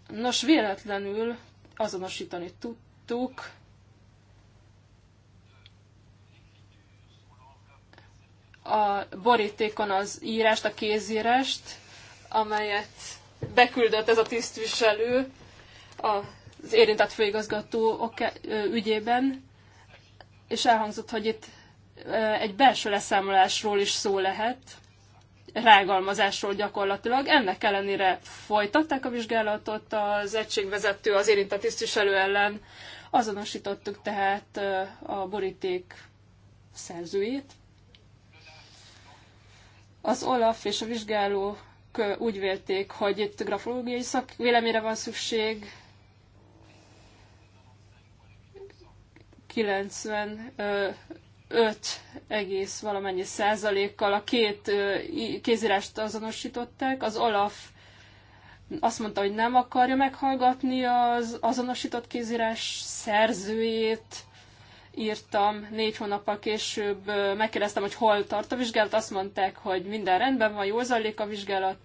Nos, véletlenül azonosítani tudtuk, a borítékon az írást, a kézírást, amelyet beküldött ez a tisztviselő az érintett főigazgató ügyében, és elhangzott, hogy itt egy belső leszámolásról is szó lehet, rágalmazásról gyakorlatilag. Ennek ellenére folytatták a vizsgálatot az egységvezető, az érintett tisztviselő ellen. Azonosítottuk tehát a boríték szerzőjét, az Olaf és a vizsgálók úgy vélték, hogy itt grafológiai szakvéleményre van szükség, 95 egész valamennyi százalékkal a két kézírást azonosították. Az Olaf azt mondta, hogy nem akarja meghallgatni az azonosított kézírás szerzőjét, írtam, négy hónappal később megkérdeztem, hogy hol tart a vizsgálat, azt mondták, hogy minden rendben van, jól zajlik a vizsgálat.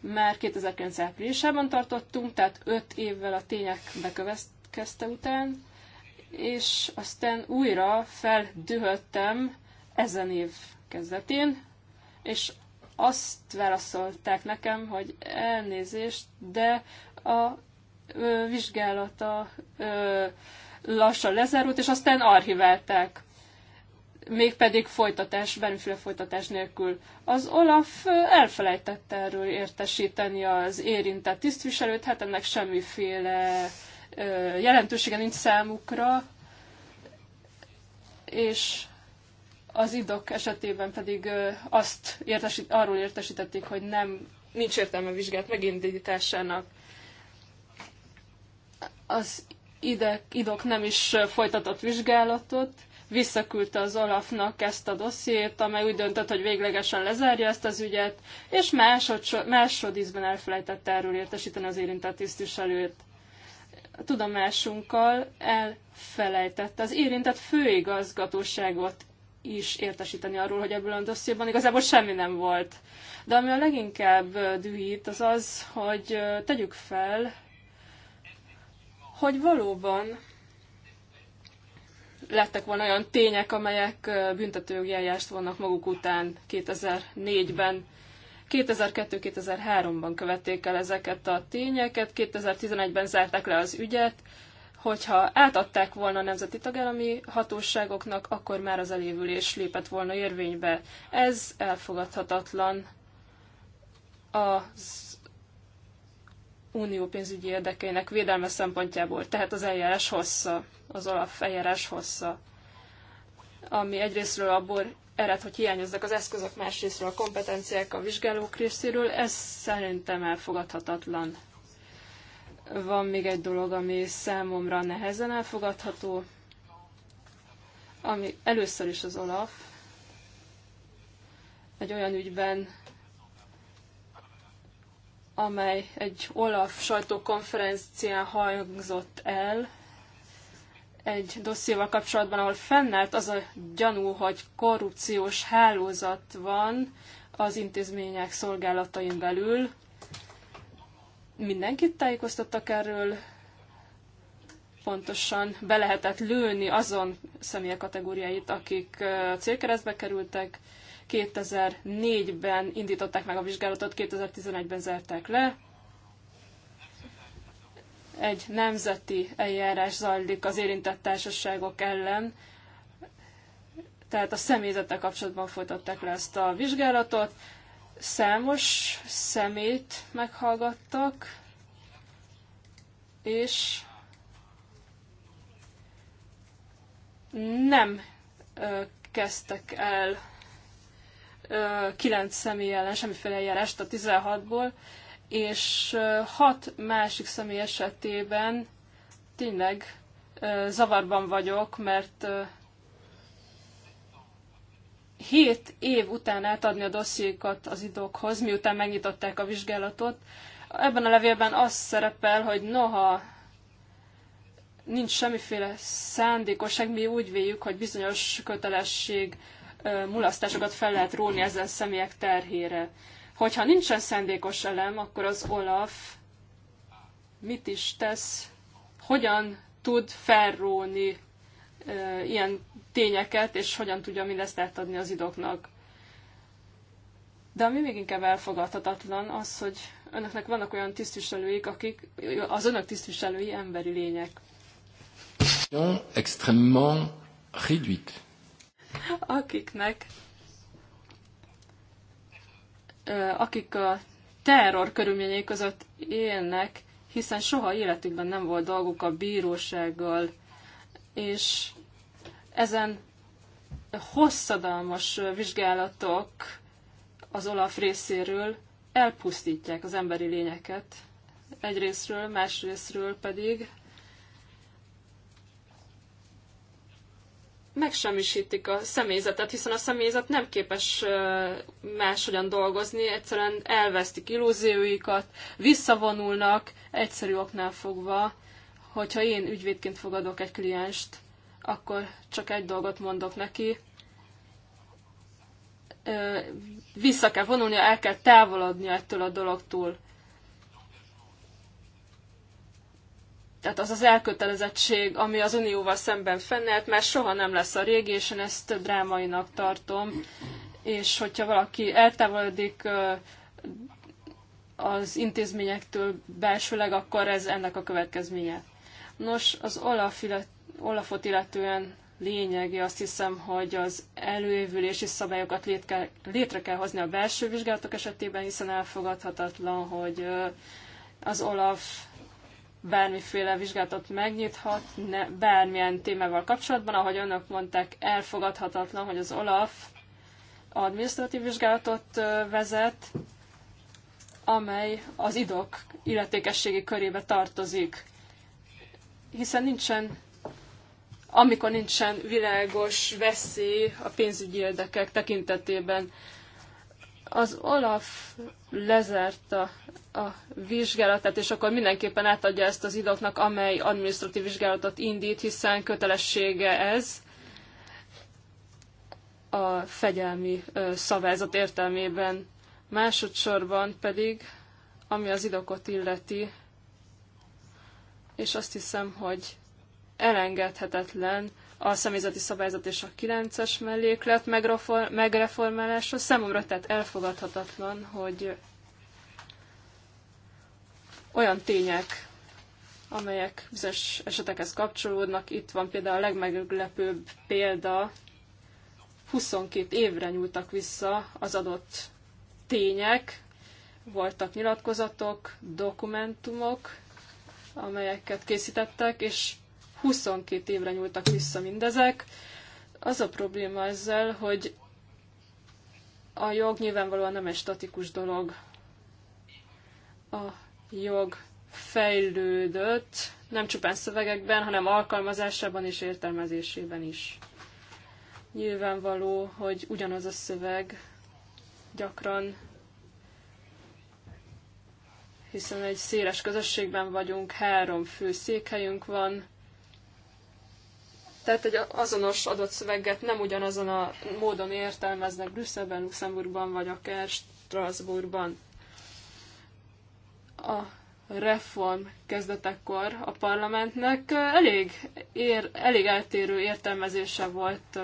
Már 2009 áprilisában tartottunk, tehát öt évvel a tények bekövetkezte után, és aztán újra feldühöttem ezen év kezdetén, és azt válaszolták nekem, hogy elnézést, de a ö, vizsgálata ö, lassan lezárult, és aztán archiválták mégpedig folytatás, bármiféle folytatás nélkül. Az Olaf elfelejtette erről értesíteni az érintett tisztviselőt, hát ennek semmiféle jelentősége nincs számukra, és az idok esetében pedig azt értesít, arról értesítették, hogy nem, nincs értelme vizsgált megindításának. Az ide, idok nem is folytatott vizsgálatot, visszaküldte az Olafnak ezt a dossziét, amely úgy döntött, hogy véglegesen lezárja ezt az ügyet, és másod, másodízben elfelejtette erről értesíteni az érintett tisztviselőt. A tudomásunkkal elfelejtette az érintett főigazgatóságot is értesíteni arról, hogy ebből a dossziéban igazából semmi nem volt. De ami a leginkább dühít, az az, hogy tegyük fel, hogy valóban lettek volna olyan tények, amelyek büntetőjeljást vannak maguk után 2004-ben. 2002-2003-ban követték el ezeket a tényeket, 2011-ben zárták le az ügyet, hogyha átadták volna a nemzeti tagállami hatóságoknak, akkor már az elévülés lépett volna érvénybe. Ez elfogadhatatlan az unió pénzügyi érdekeinek védelme szempontjából, tehát az eljárás hossza, az alap eljárás hossza, ami egyrésztről abból ered, hogy hiányoznak az eszközök, másrésztről a kompetenciák a vizsgálók részéről, ez szerintem elfogadhatatlan. Van még egy dolog, ami számomra nehezen elfogadható, ami először is az Olaf, egy olyan ügyben, amely egy Olaf sajtókonferencián hangzott el, egy dossziéval kapcsolatban, ahol fennállt az a gyanú, hogy korrupciós hálózat van az intézmények szolgálatain belül. Mindenkit tájékoztattak erről, pontosan be lehetett lőni azon személyek kategóriáit, akik célkeresztbe kerültek, 2004-ben indították meg a vizsgálatot, 2011-ben zárták le. Egy nemzeti eljárás zajlik az érintett társaságok ellen, tehát a személyzettel kapcsolatban folytatták le ezt a vizsgálatot. Számos szemét meghallgattak, és nem kezdtek el 9 személy ellen semmiféle eljárást a 16-ból, és 6 másik személy esetében tényleg zavarban vagyok, mert 7 év után átadni a dossziékat az idókhoz, miután megnyitották a vizsgálatot. Ebben a levélben az szerepel, hogy noha nincs semmiféle szándékosság, mi úgy véljük, hogy bizonyos kötelesség mulasztásokat fel lehet róni ezen személyek terhére. Hogyha nincsen szándékos elem, akkor az Olaf mit is tesz, hogyan tud felróni e, ilyen tényeket, és hogyan tudja mindezt átadni az idoknak. De ami még inkább elfogadhatatlan, az, hogy önöknek vannak olyan tisztviselőik, akik az önök tisztviselői emberi lények. Extrêmement réduite akiknek akik a terror körülményei között élnek, hiszen soha életükben nem volt dolguk a bírósággal, és ezen hosszadalmas vizsgálatok az Olaf részéről elpusztítják az emberi lényeket egyrésztről, másrésztről pedig megsemmisítik a személyzetet, hiszen a személyzet nem képes máshogyan dolgozni, egyszerűen elvesztik illúzióikat, visszavonulnak, egyszerű oknál fogva, hogyha én ügyvédként fogadok egy klienst, akkor csak egy dolgot mondok neki, vissza kell vonulnia, el kell távolodnia ettől a dologtól. tehát az az elkötelezettség, ami az Unióval szemben fennállt, már soha nem lesz a régi, és én ezt drámainak tartom. És hogyha valaki eltávolodik az intézményektől belsőleg, akkor ez ennek a következménye. Nos, az Olaf illet, Olafot illetően lényegi azt hiszem, hogy az előévülési szabályokat létre kell hozni a belső vizsgálatok esetében, hiszen elfogadhatatlan, hogy az Olaf bármiféle vizsgálatot megnyithat ne, bármilyen témával kapcsolatban. Ahogy önök mondták, elfogadhatatlan, hogy az OLAF administratív vizsgálatot vezet, amely az idok illetékességi körébe tartozik. Hiszen nincsen, amikor nincsen világos veszély a pénzügyi érdekek tekintetében. Az Olaf lezárt a vizsgálatát, és akkor mindenképpen átadja ezt az idoknak, amely administratív vizsgálatot indít, hiszen kötelessége ez a fegyelmi szavázat értelmében. Másodszorban pedig, ami az idokot illeti, és azt hiszem, hogy elengedhetetlen, a személyzeti szabályzat és a 9-es melléklet megreformálása. Számomra tehát elfogadhatatlan, hogy olyan tények, amelyek bizonyos esetekhez kapcsolódnak. Itt van például a legmeglepőbb példa, 22 évre nyúltak vissza az adott tények, voltak nyilatkozatok, dokumentumok, amelyeket készítettek, és 22 évre nyúltak vissza mindezek. Az a probléma ezzel, hogy a jog nyilvánvalóan nem egy statikus dolog. A jog fejlődött, nem csupán szövegekben, hanem alkalmazásában és értelmezésében is. Nyilvánvaló, hogy ugyanaz a szöveg gyakran, hiszen egy széles közösségben vagyunk, három fő székhelyünk van, tehát egy azonos adott szöveget nem ugyanazon a módon értelmeznek Brüsszelben, Luxemburgban vagy akár Strasbourgban. A reform kezdetekkor a parlamentnek elég, ér, elég eltérő értelmezése volt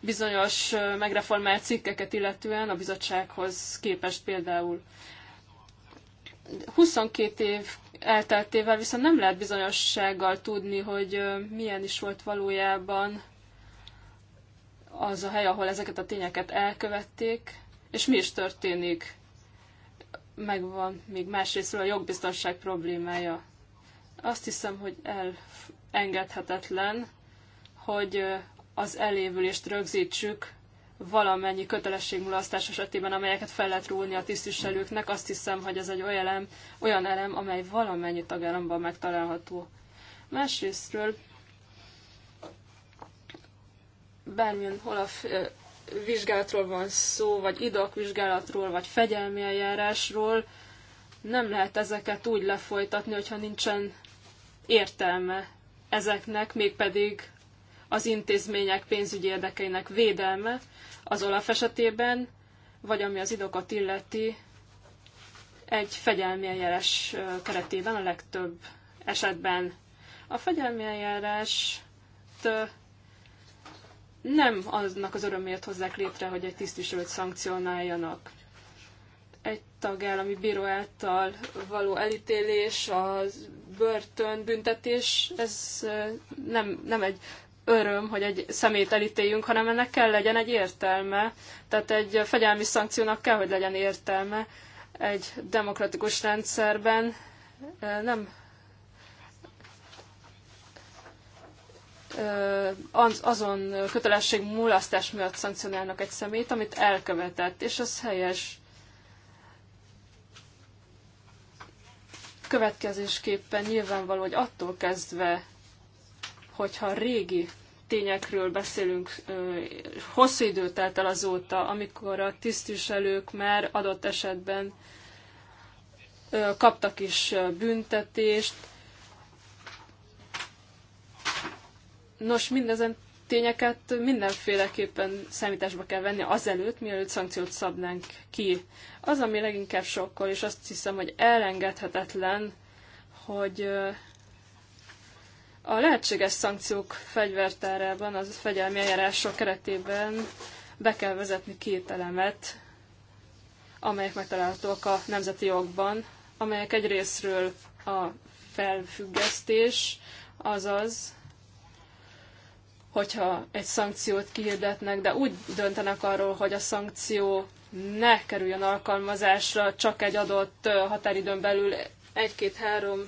bizonyos megreformált cikkeket illetően a bizottsághoz képest például. 22 év elteltével viszont nem lehet bizonyossággal tudni, hogy milyen is volt valójában az a hely, ahol ezeket a tényeket elkövették, és mi is történik. Megvan még másrésztről a jogbiztonság problémája. Azt hiszem, hogy elengedhetetlen, hogy az elévülést rögzítsük valamennyi kötelességmulasztás esetében, amelyeket fel lehet rúlni a tisztviselőknek, azt hiszem, hogy ez egy olyan elem, olyan elem amely valamennyi tagállamban megtalálható. Másrésztről bármilyen Olaf vizsgálatról van szó, vagy idak vizsgálatról, vagy fegyelmi eljárásról, nem lehet ezeket úgy lefolytatni, hogyha nincsen értelme ezeknek, mégpedig az intézmények pénzügyi érdekeinek védelme az Olaf esetében, vagy ami az idokat illeti, egy fegyelmi eljárás keretében a legtöbb esetben. A fegyelmi eljárást nem aznak az örömért hozzák létre, hogy egy tisztviselőt szankcionáljanak. Egy tagállami bíró által való elítélés, a börtön, büntetés, ez nem, nem egy öröm, hogy egy szemét elítéljünk, hanem ennek kell legyen egy értelme. Tehát egy fegyelmi szankciónak kell, hogy legyen értelme egy demokratikus rendszerben. Nem azon kötelesség mulasztás miatt szankcionálnak egy szemét, amit elkövetett, és ez helyes. Következésképpen nyilvánvaló, hogy attól kezdve, hogyha régi tényekről beszélünk, hosszú idő telt el azóta, amikor a tisztviselők már adott esetben kaptak is büntetést. Nos, mindezen tényeket mindenféleképpen számításba kell venni azelőtt, mielőtt szankciót szabnánk ki. Az, ami leginkább sokkal, és azt hiszem, hogy elengedhetetlen, hogy a lehetséges szankciók fegyvertárában, az fegyelmi eljárások keretében be kell vezetni két elemet, amelyek megtalálhatóak a nemzeti jogban, amelyek egy a felfüggesztés, azaz, hogyha egy szankciót kihirdetnek, de úgy döntenek arról, hogy a szankció ne kerüljön alkalmazásra csak egy adott határidőn belül egy-két-három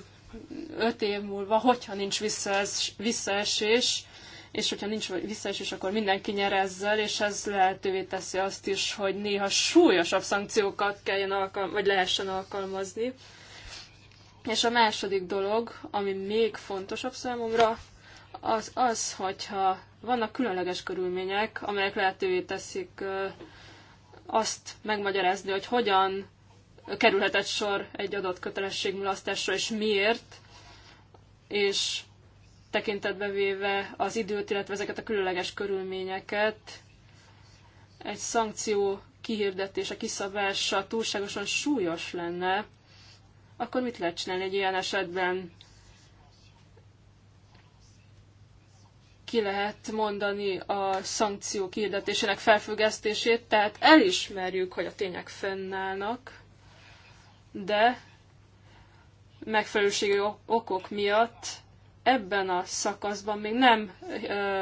öt év múlva, hogyha nincs visszaes, visszaesés, és hogyha nincs visszaesés, akkor mindenki nyer ezzel, és ez lehetővé teszi azt is, hogy néha súlyosabb szankciókat kelljen alkalmazni, vagy lehessen alkalmazni. És a második dolog, ami még fontosabb számomra, az az, hogyha vannak különleges körülmények, amelyek lehetővé teszik azt megmagyarázni, hogy hogyan kerülhetett sor egy adott kötelességmulasztásra, és miért, és tekintetbe véve az időt, illetve ezeket a különleges körülményeket, egy szankció kihirdetése, kiszabása túlságosan súlyos lenne, akkor mit lehet csinálni egy ilyen esetben? Ki lehet mondani a szankció kihirdetésének felfüggesztését, tehát elismerjük, hogy a tények fennállnak, de megfelelőségi okok miatt ebben a szakaszban még nem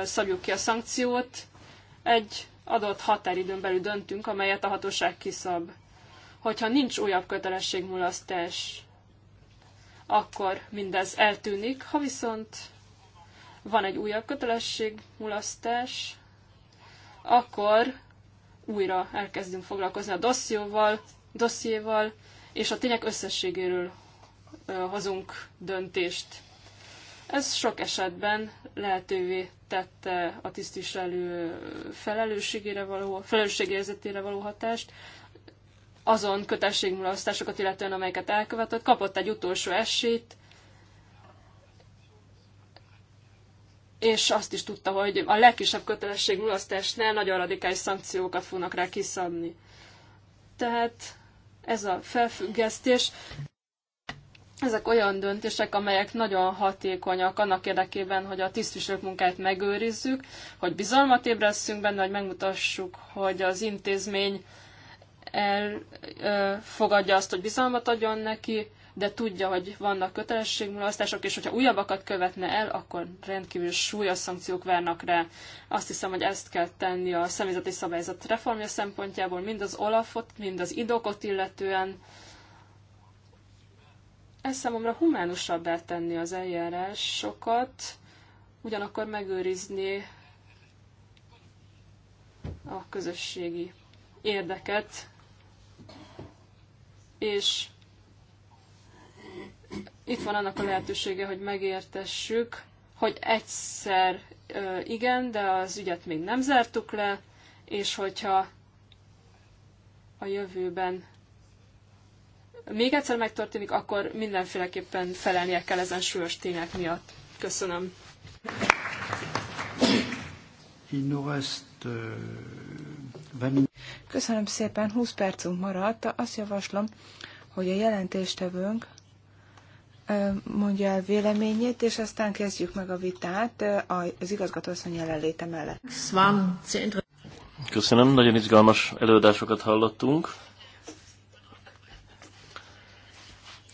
szabjuk ki a szankciót, egy adott határidőn belül döntünk, amelyet a hatóság kiszab. Hogyha nincs újabb kötelességmulasztás, akkor mindez eltűnik, ha viszont van egy újabb kötelességmulasztás, akkor újra elkezdünk foglalkozni a dosszióval, dossziéval, és a tények összességéről hozunk döntést. Ez sok esetben lehetővé tette a tisztviselő felelősségére való, felelősségérzetére való hatást, azon kötességmulasztásokat illetően, amelyeket elkövetett, kapott egy utolsó esélyt, és azt is tudta, hogy a legkisebb kötelességmulasztásnál nagyon radikális szankciókat fognak rá kiszabni. Tehát ez a felfüggesztés. Ezek olyan döntések, amelyek nagyon hatékonyak annak érdekében, hogy a tisztviselők munkáját megőrizzük, hogy bizalmat ébresszünk benne, hogy megmutassuk, hogy az intézmény elfogadja azt, hogy bizalmat adjon neki, de tudja, hogy vannak kötelességmulasztások, és hogyha újabbakat követne el, akkor rendkívül súlyos szankciók várnak rá. Azt hiszem, hogy ezt kell tenni a személyzeti szabályzat reformja szempontjából, mind az Olafot, mind az idokot illetően. Ez számomra humánusabbá tenni az eljárásokat, ugyanakkor megőrizni a közösségi érdeket, és itt van annak a lehetősége, hogy megértessük, hogy egyszer igen, de az ügyet még nem zártuk le, és hogyha a jövőben még egyszer megtörténik, akkor mindenféleképpen felelnie kell ezen súlyos tények miatt. Köszönöm. Köszönöm szépen, 20 percünk maradt. Azt javaslom, hogy a jelentéstevőnk mondja el véleményét, és aztán kezdjük meg a vitát az igazgatóasszony jelenléte mellett. Köszönöm, nagyon izgalmas előadásokat hallottunk.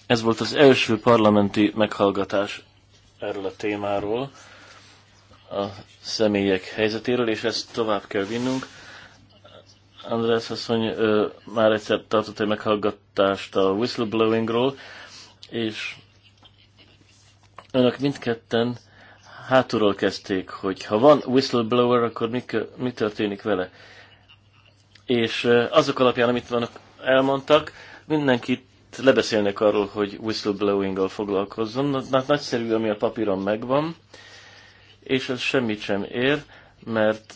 Ez volt az első parlamenti meghallgatás erről a témáról, a személyek helyzetéről, és ezt tovább kell vinnünk. András asszony ö, már egyszer tartott egy meghallgatást a whistleblowingról, és önök mindketten hátulról kezdték, hogy ha van whistleblower, akkor mi, mi történik vele. És azok alapján, amit vannak, elmondtak, mindenkit lebeszélnek arról, hogy whistleblowing-gal foglalkozzon. Na, hát nagyszerű, ami a papíron megvan, és ez semmit sem ér, mert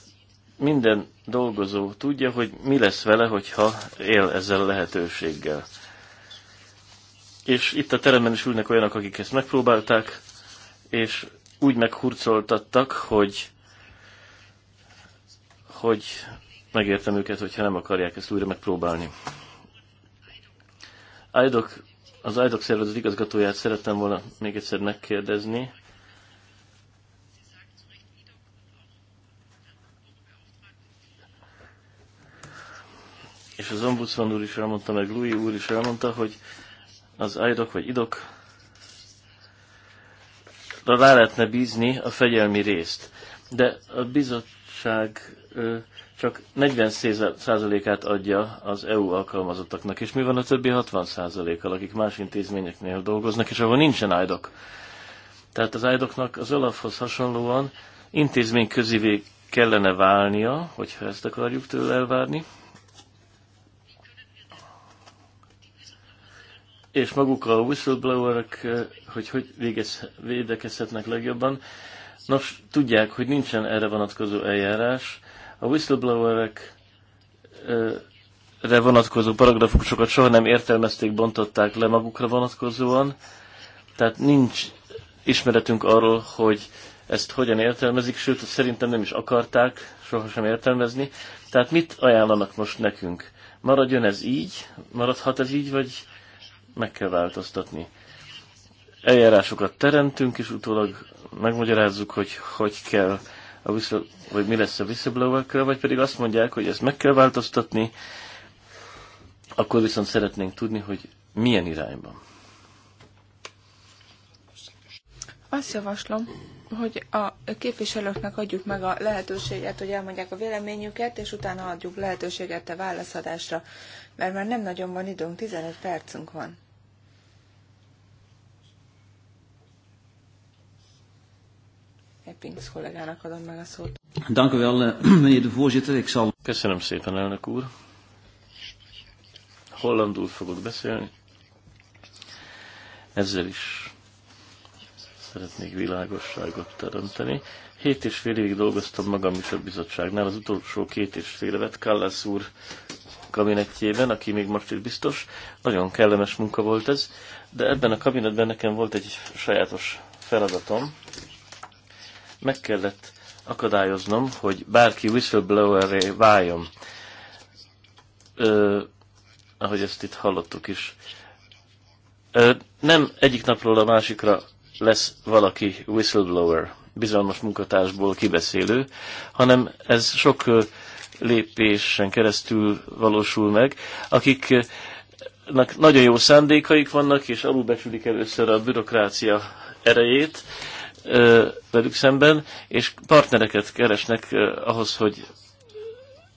minden dolgozó tudja, hogy mi lesz vele, hogyha él ezzel a lehetőséggel. És itt a teremben is ülnek olyanok, akik ezt megpróbálták, és úgy meghurcoltattak, hogy, hogy megértem őket, hogyha nem akarják ezt újra megpróbálni. Ajdok az Aidok szervezet igazgatóját szerettem volna még egyszer megkérdezni. És az ombudsman úr is elmondta, meg Louis úr is elmondta, hogy az ajdok vagy Idok rá lehetne bízni a fegyelmi részt. De a bizottság csak 40%-át adja az EU alkalmazottaknak, és mi van a többi 60%-kal, akik más intézményeknél dolgoznak, és ahol nincsen ájdok. Tehát az ájdoknak az alaphoz hasonlóan intézményközivé kellene válnia, hogyha ezt akarjuk tőle elvárni, és maguk a whistleblowerek, eh, hogy hogy végez, védekezhetnek legjobban. Nos, tudják, hogy nincsen erre vonatkozó eljárás. A whistleblowerekre eh, vonatkozó paragrafusokat soha nem értelmezték, bontották le magukra vonatkozóan. Tehát nincs ismeretünk arról, hogy ezt hogyan értelmezik, sőt, szerintem nem is akarták sohasem értelmezni. Tehát mit ajánlanak most nekünk? Maradjon ez így? Maradhat ez így, vagy meg kell változtatni. Eljárásokat teremtünk, és utólag megmagyarázzuk, hogy hogy kell, a vissza, vagy mi lesz a whistleblower vagy pedig azt mondják, hogy ezt meg kell változtatni, akkor viszont szeretnénk tudni, hogy milyen irányban. Azt javaslom, hogy a képviselőknek adjuk meg a lehetőséget, hogy elmondják a véleményüket, és utána adjuk lehetőséget a válaszadásra, mert már nem nagyon van időnk, 15 percünk van. Pinks kollégának adom meg a szót. Dank u wel, eh, meneer de voorzitter. Ik zal... Köszönöm szépen, elnök úr. Hollandul fogok beszélni. Ezzel is szeretnék világosságot teremteni. Hét és fél évig dolgoztam magam is a bizottságnál, az utolsó két és fél évet Kallász úr kabinettjében, aki még most is biztos. Nagyon kellemes munka volt ez, de ebben a kabinetben nekem volt egy sajátos feladatom meg kellett akadályoznom, hogy bárki whistleblower re váljon. Ö, ahogy ezt itt hallottuk is. Ö, nem egyik napról a másikra lesz valaki whistleblower, bizalmas munkatársból kibeszélő, hanem ez sok lépésen keresztül valósul meg, akiknek nagyon jó szándékaik vannak, és alulbecsülik először a bürokrácia erejét, velük szemben, és partnereket keresnek ahhoz, hogy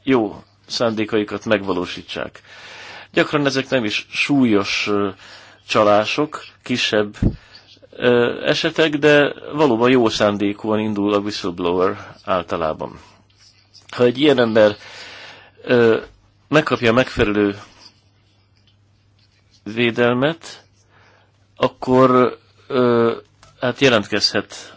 jó szándékaikat megvalósítsák. Gyakran ezek nem is súlyos csalások, kisebb esetek, de valóban jó szándékúan indul a whistleblower általában. Ha egy ilyen ember megkapja megfelelő védelmet, akkor hát jelentkezhet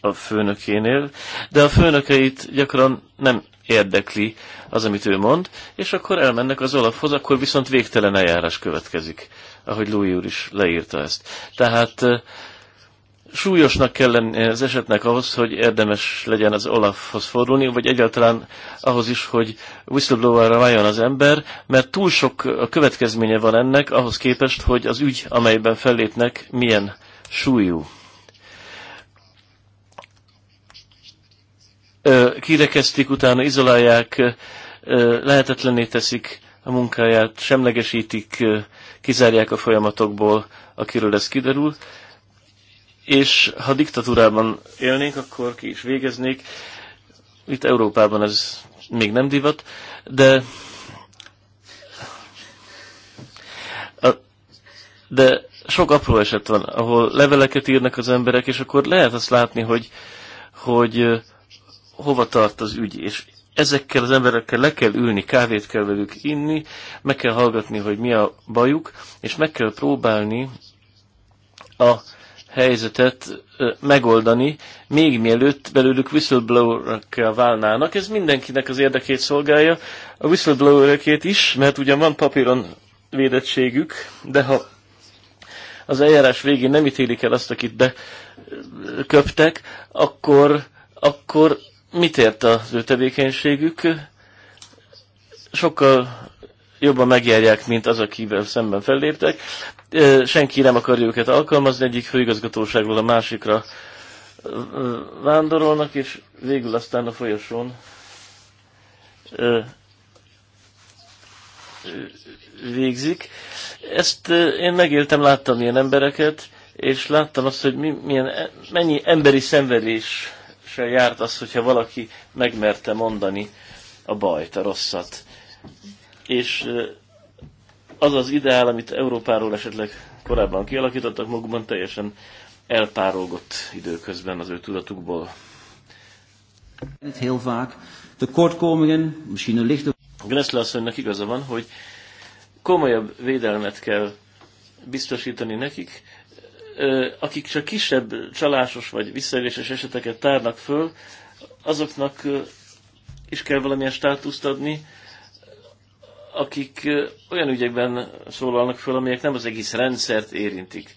a főnökénél, de a főnökeit gyakran nem érdekli az, amit ő mond, és akkor elmennek az Olafhoz, akkor viszont végtelen eljárás következik, ahogy Louis úr is leírta ezt. Tehát súlyosnak kell lenni az esetnek ahhoz, hogy érdemes legyen az Olafhoz fordulni, vagy egyáltalán ahhoz is, hogy whistleblower-ra váljon az ember, mert túl sok a következménye van ennek ahhoz képest, hogy az ügy, amelyben fellépnek, milyen súlyú. kirekesztik, utána izolálják, lehetetlené teszik a munkáját, semlegesítik, kizárják a folyamatokból, akiről ez kiderül. És ha diktatúrában élnék, akkor ki is végeznék. Itt Európában ez még nem divat, de de sok apró eset van, ahol leveleket írnak az emberek, és akkor lehet azt látni, hogy, hogy hova tart az ügy, és ezekkel az emberekkel le kell ülni, kávét kell velük inni, meg kell hallgatni, hogy mi a bajuk, és meg kell próbálni a helyzetet megoldani, még mielőtt belőlük whistleblower-ekkel válnának. Ez mindenkinek az érdekét szolgálja, a whistleblower is, mert ugyan van papíron védettségük, de ha az eljárás végén nem ítélik el azt, akit beköptek, akkor, akkor mit ért az ő tevékenységük? Sokkal jobban megjárják, mint az, akivel szemben felléptek. Senki nem akarja őket alkalmazni, egyik főigazgatóságról a másikra vándorolnak, és végül aztán a folyosón végzik. Ezt én megéltem, láttam ilyen embereket, és láttam azt, hogy milyen, e- mennyi emberi szenvedés se járt az, hogyha valaki megmerte mondani a bajt, a rosszat. És az az ideál, amit Európáról esetleg korábban kialakítottak magukban, teljesen elpárolgott időközben az ő tudatukból. Gressler vaak tekortkomingen, asszonynak igaza van, hogy komolyabb védelmet kell biztosítani nekik, akik csak kisebb csalásos vagy visszaéléses eseteket tárnak föl, azoknak is kell valamilyen státuszt adni, akik olyan ügyekben szólalnak föl, amelyek nem az egész rendszert érintik.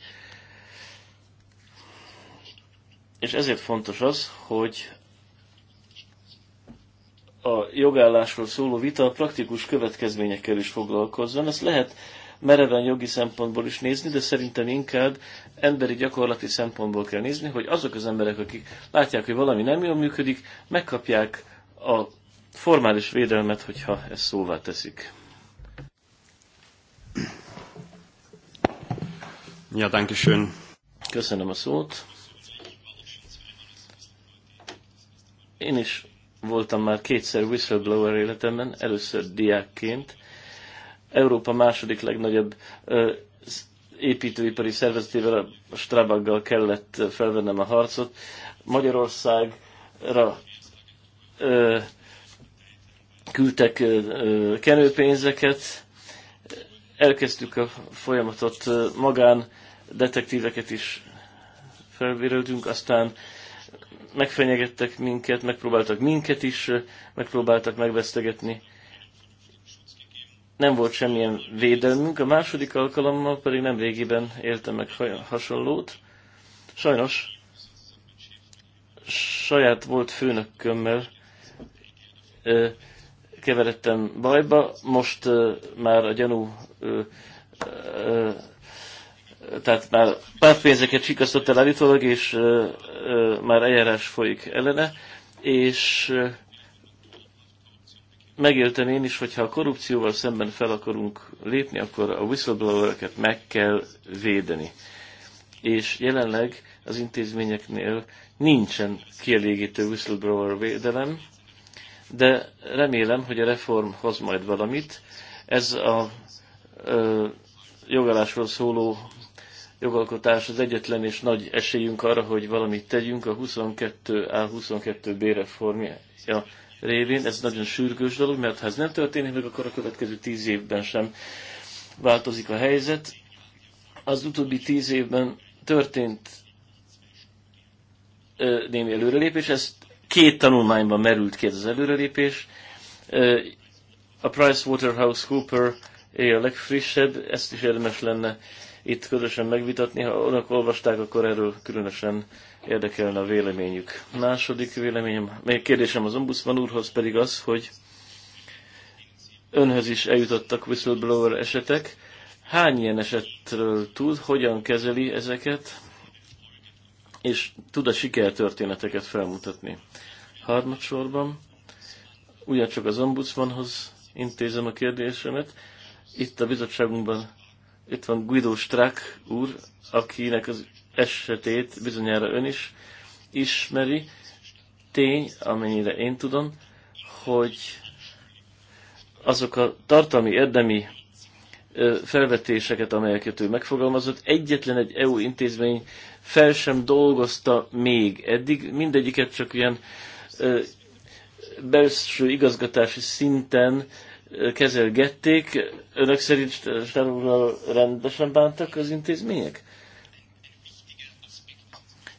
És ezért fontos az, hogy a jogállásról szóló vita a praktikus következményekkel is foglalkozzon. Ezt lehet mereven jogi szempontból is nézni, de szerintem inkább emberi gyakorlati szempontból kell nézni, hogy azok az emberek, akik látják, hogy valami nem jól működik, megkapják a formális védelmet, hogyha ezt szóvá teszik. Ja, danke schön. Köszönöm a szót. Én is voltam már kétszer whistleblower életemben, először diákként, Európa második legnagyobb építőipari szervezetével, a Strabaggal kellett felvennem a harcot. Magyarországra ö, küldtek ö, kenőpénzeket, elkezdtük a folyamatot, magán detektíveket is felbéreltünk, aztán megfenyegettek minket, megpróbáltak minket is, megpróbáltak megvesztegetni nem volt semmilyen védelmünk, a második alkalommal pedig nem régiben éltem meg hasonlót. Sajnos saját volt főnökkömmel ö, keveredtem bajba, most ö, már a gyanú ö, ö, tehát már pénzeket sikasztott el állítólag, és ö, ö, már eljárás folyik ellene, és ö, megértem én is, hogyha a korrupcióval szemben fel akarunk lépni, akkor a whistleblowereket meg kell védeni. És jelenleg az intézményeknél nincsen kielégítő whistleblower védelem, de remélem, hogy a reform hoz majd valamit. Ez a ö, jogalásról szóló jogalkotás az egyetlen és nagy esélyünk arra, hogy valamit tegyünk a 22A, 22B reformja révén. Ez nagyon sürgős dolog, mert ha ez nem történik meg, akkor a következő tíz évben sem változik a helyzet. Az utóbbi tíz évben történt ö, némi előrelépés, ez két tanulmányban merült ki az előrelépés. Ö, a PricewaterhouseCooper a legfrissebb, ezt is érdemes lenne itt közösen megvitatni. Ha önök olvasták, akkor erről különösen érdekelne a véleményük. Második véleményem, még kérdésem az ombudsman úrhoz pedig az, hogy önhöz is eljutottak whistleblower esetek. Hány ilyen esetről tud, hogyan kezeli ezeket, és tud a sikertörténeteket felmutatni. Harmadsorban, ugyancsak az ombudsmanhoz intézem a kérdésemet. Itt a bizottságunkban itt van Guido Strack úr, akinek az esetét bizonyára ön is ismeri. Tény, amennyire én tudom, hogy azok a tartalmi érdemi felvetéseket, amelyeket ő megfogalmazott, egyetlen egy EU intézmény fel sem dolgozta még eddig, mindegyiket csak ilyen belső igazgatási szinten kezelgették. Önök szerint rendesen bántak az intézmények?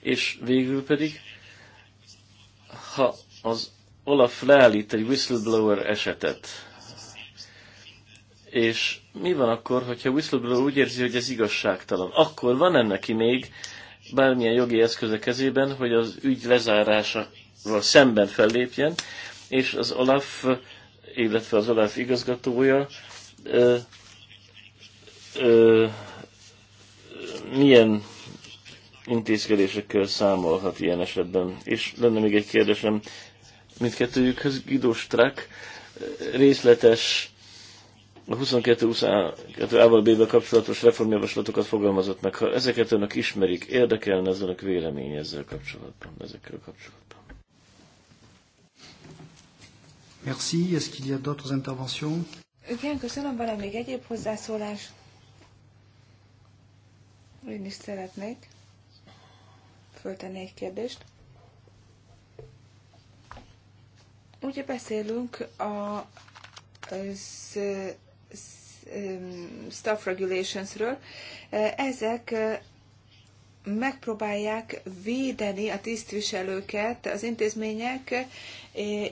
és végül pedig, ha az Olaf leállít egy whistleblower esetet, és mi van akkor, hogyha whistleblower úgy érzi, hogy ez igazságtalan? Akkor van ennek neki még bármilyen jogi eszköze kezében, hogy az ügy lezárásával szemben fellépjen, és az Olaf, illetve az Olaf igazgatója ö, ö, milyen intézkedésekkel számolhat ilyen esetben. És lenne még egy kérdésem mindkettőjükhöz. Guido Strack részletes a 22-22-ával b kapcsolatos reformjavaslatokat fogalmazott meg. Ha ezeket önök ismerik, érdekelne az önök vélemény ezzel kapcsolatban, ezekkel kapcsolatban. Merci. Est-ce qu'il y a d'autres interventions? Igen, köszönöm. Van még egyéb hozzászólás? Én is szeretnék föltenni egy kérdést. Ugye beszélünk a az, um, staff regulationsről. Ezek uh, megpróbálják védeni a tisztviselőket, az intézmények uh,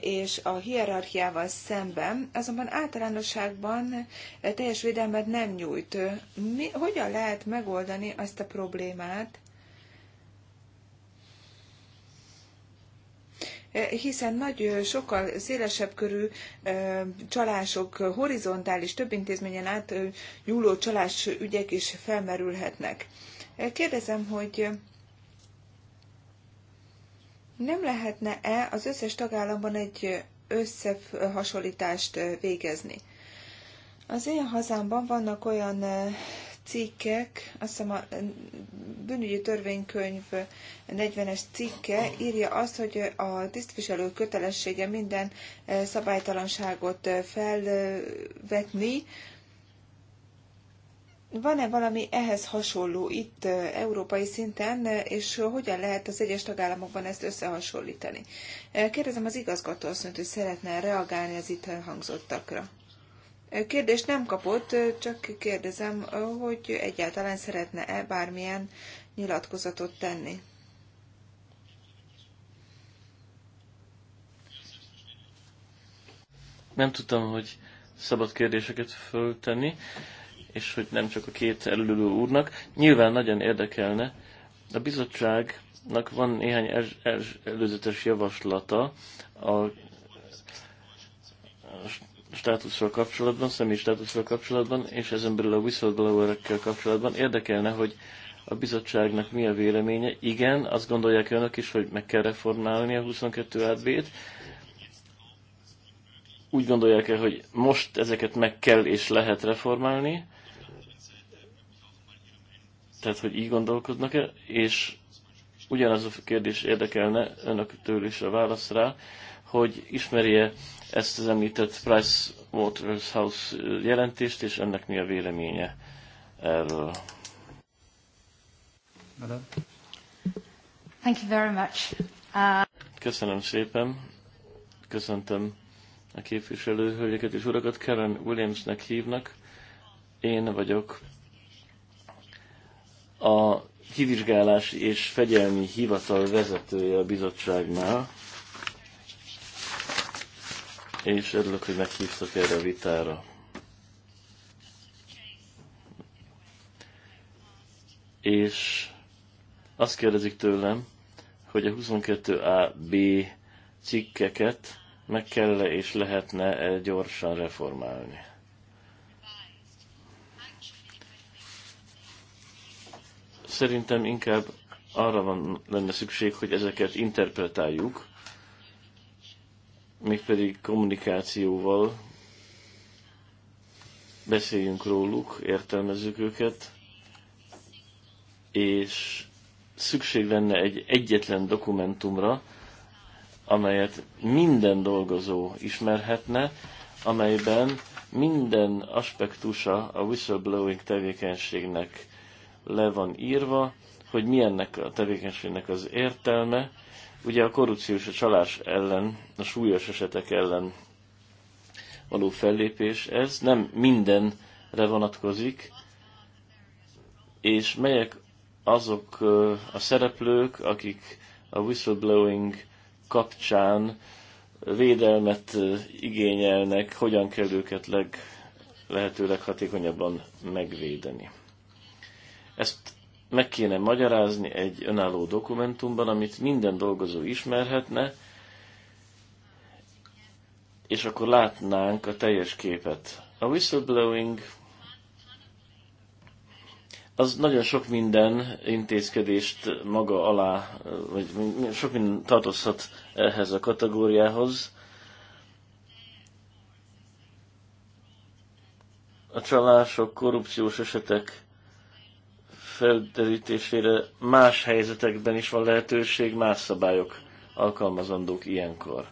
és a hierarchiával szemben, azonban általánosságban uh, teljes védelmet nem nyújt. Mi, hogyan lehet megoldani ezt a problémát, Eh, hiszen nagy, sokkal szélesebb körű csalások, horizontális, több intézményen át nyúló csalás ügyek is felmerülhetnek. Eh, kérdezem, hogy nem lehetne-e az összes tagállamban egy összehasonlítást végezni? Az én hazámban vannak olyan cikkek, azt hiszem a bűnügyi törvénykönyv 40-es cikke írja azt, hogy a tisztviselő kötelessége minden eh, szabálytalanságot eh, felvetni. Van-e valami ehhez hasonló itt eh, európai szinten, és hogyan lehet az egyes tagállamokban ezt összehasonlítani? Kérdezem az igazgatóasszonyt, hogy szeretne reagálni az itt elhangzottakra. Kérdést nem kapott, csak kérdezem, hogy egyáltalán szeretne-e bármilyen nyilatkozatot tenni. Nem tudtam, hogy szabad kérdéseket föltenni, és hogy nem csak a két elülő úrnak. Nyilván nagyon érdekelne. A bizottságnak van néhány el- el- előzetes javaslata a, a státuszról kapcsolatban, személyi státuszról kapcsolatban, és ezen belül a whistleblowerekkel kapcsolatban érdekelne, hogy a bizottságnak mi a véleménye. Igen, azt gondolják önök is, hogy meg kell reformálni a 22 átbét. Úgy gondolják-e, hogy most ezeket meg kell és lehet reformálni? Tehát, hogy így gondolkodnak-e? És ugyanaz a kérdés érdekelne önöktől is a válasz rá, hogy ismerje ezt az említett Price Waterhouse jelentést, és ennek mi a véleménye erről. Thank you very much. Uh... Köszönöm szépen. Köszöntöm a képviselő hölgyeket és urakat. Karen Williamsnek hívnak. Én vagyok a kivizsgálási és fegyelmi hivatal vezetője a bizottságnál és örülök, hogy meghívtak erre a vitára. És azt kérdezik tőlem, hogy a 22AB cikkeket meg kell -e és lehetne -e gyorsan reformálni. Szerintem inkább arra van, lenne szükség, hogy ezeket interpretáljuk, mégpedig kommunikációval beszéljünk róluk, értelmezzük őket, és szükség lenne egy egyetlen dokumentumra, amelyet minden dolgozó ismerhetne, amelyben minden aspektusa a whistleblowing tevékenységnek le van írva, hogy milyennek a tevékenységnek az értelme, Ugye a korrupció és a csalás ellen, a súlyos esetek ellen való fellépés ez, nem mindenre vonatkozik, és melyek azok a szereplők, akik a whistleblowing kapcsán védelmet igényelnek, hogyan kell őket leg, lehetőleg hatékonyabban megvédeni. Ezt meg kéne magyarázni egy önálló dokumentumban, amit minden dolgozó ismerhetne, és akkor látnánk a teljes képet. A whistleblowing az nagyon sok minden intézkedést maga alá, vagy sok minden tartozhat ehhez a kategóriához. A csalások, korrupciós esetek felderítésére más helyzetekben is van lehetőség, más szabályok alkalmazandók ilyenkor.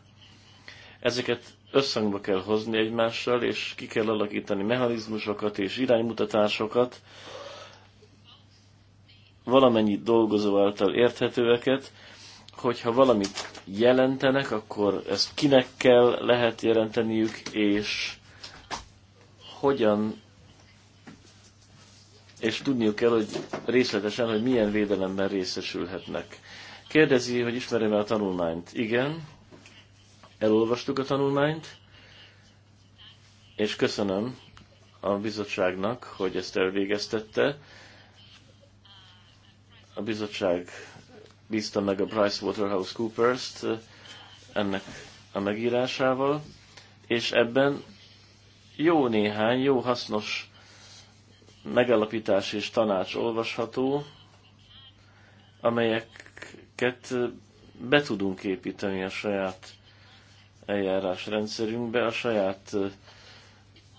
Ezeket összhangba kell hozni egymással, és ki kell alakítani mechanizmusokat és iránymutatásokat, valamennyi dolgozó által érthetőeket, hogyha valamit jelentenek, akkor ezt kinek kell lehet jelenteniük, és hogyan és tudniuk kell, hogy részletesen, hogy milyen védelemben részesülhetnek. Kérdezi, hogy ismerem-e a tanulmányt. Igen, elolvastuk a tanulmányt, és köszönöm a bizottságnak, hogy ezt elvégeztette. A bizottság bízta meg a Waterhouse coopers t eh, ennek a megírásával, és ebben jó néhány, jó hasznos megalapítás és tanács olvasható, amelyeket be tudunk építeni a saját eljárásrendszerünkbe, a saját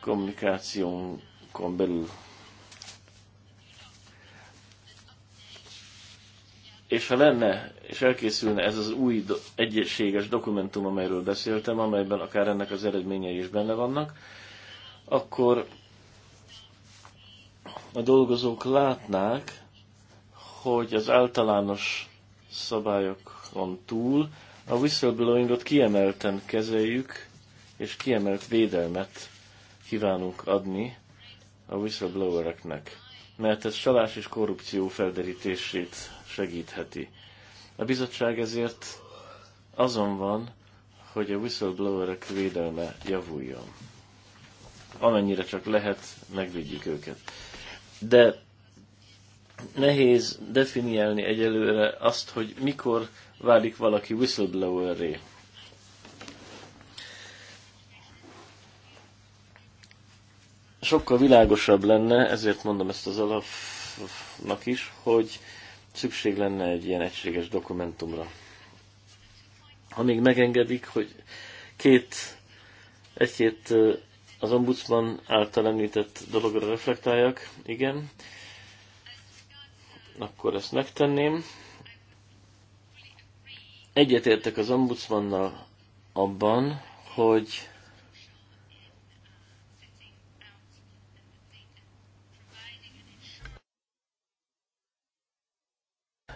kommunikációnkon belül. És ha lenne, és elkészülne ez az új do- egységes dokumentum, amelyről beszéltem, amelyben akár ennek az eredményei is benne vannak, akkor a dolgozók látnák, hogy az általános szabályokon túl a whistleblowingot kiemelten kezeljük, és kiemelt védelmet kívánunk adni a whistleblowereknek, mert ez csalás és korrupció felderítését segítheti. A bizottság ezért azon van, hogy a whistleblowerek védelme javuljon. Amennyire csak lehet, megvédjük őket de nehéz definiálni egyelőre azt, hogy mikor válik valaki whistleblower-ré. Sokkal világosabb lenne, ezért mondom ezt az alapnak is, hogy szükség lenne egy ilyen egységes dokumentumra. Ha még megengedik, hogy két, egy-két az ombudsman által említett dologra reflektáljak, igen, akkor ezt megtenném. Egyetértek az ombudsmannal abban, hogy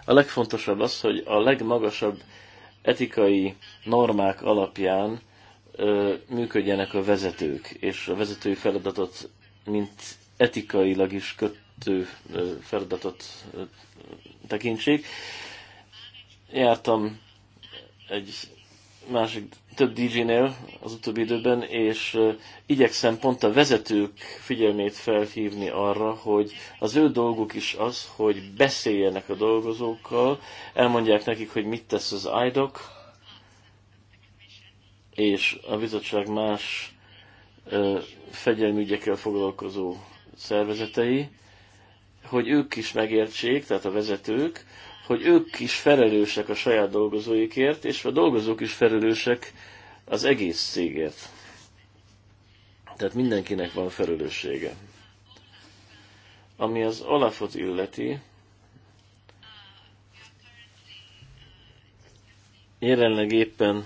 a legfontosabb az, hogy a legmagasabb etikai normák alapján működjenek a vezetők, és a vezetői feladatot, mint etikailag is kötő feladatot tekintsék. Jártam egy másik, több DJ-nél az utóbbi időben, és igyekszem pont a vezetők figyelmét felhívni arra, hogy az ő dolguk is az, hogy beszéljenek a dolgozókkal, elmondják nekik, hogy mit tesz az IDOC, és a bizottság más ügyekkel foglalkozó szervezetei, hogy ők is megértsék, tehát a vezetők, hogy ők is felelősek a saját dolgozóikért, és a dolgozók is felelősek az egész cégért. Tehát mindenkinek van felelőssége. Ami az alapot illeti, jelenleg éppen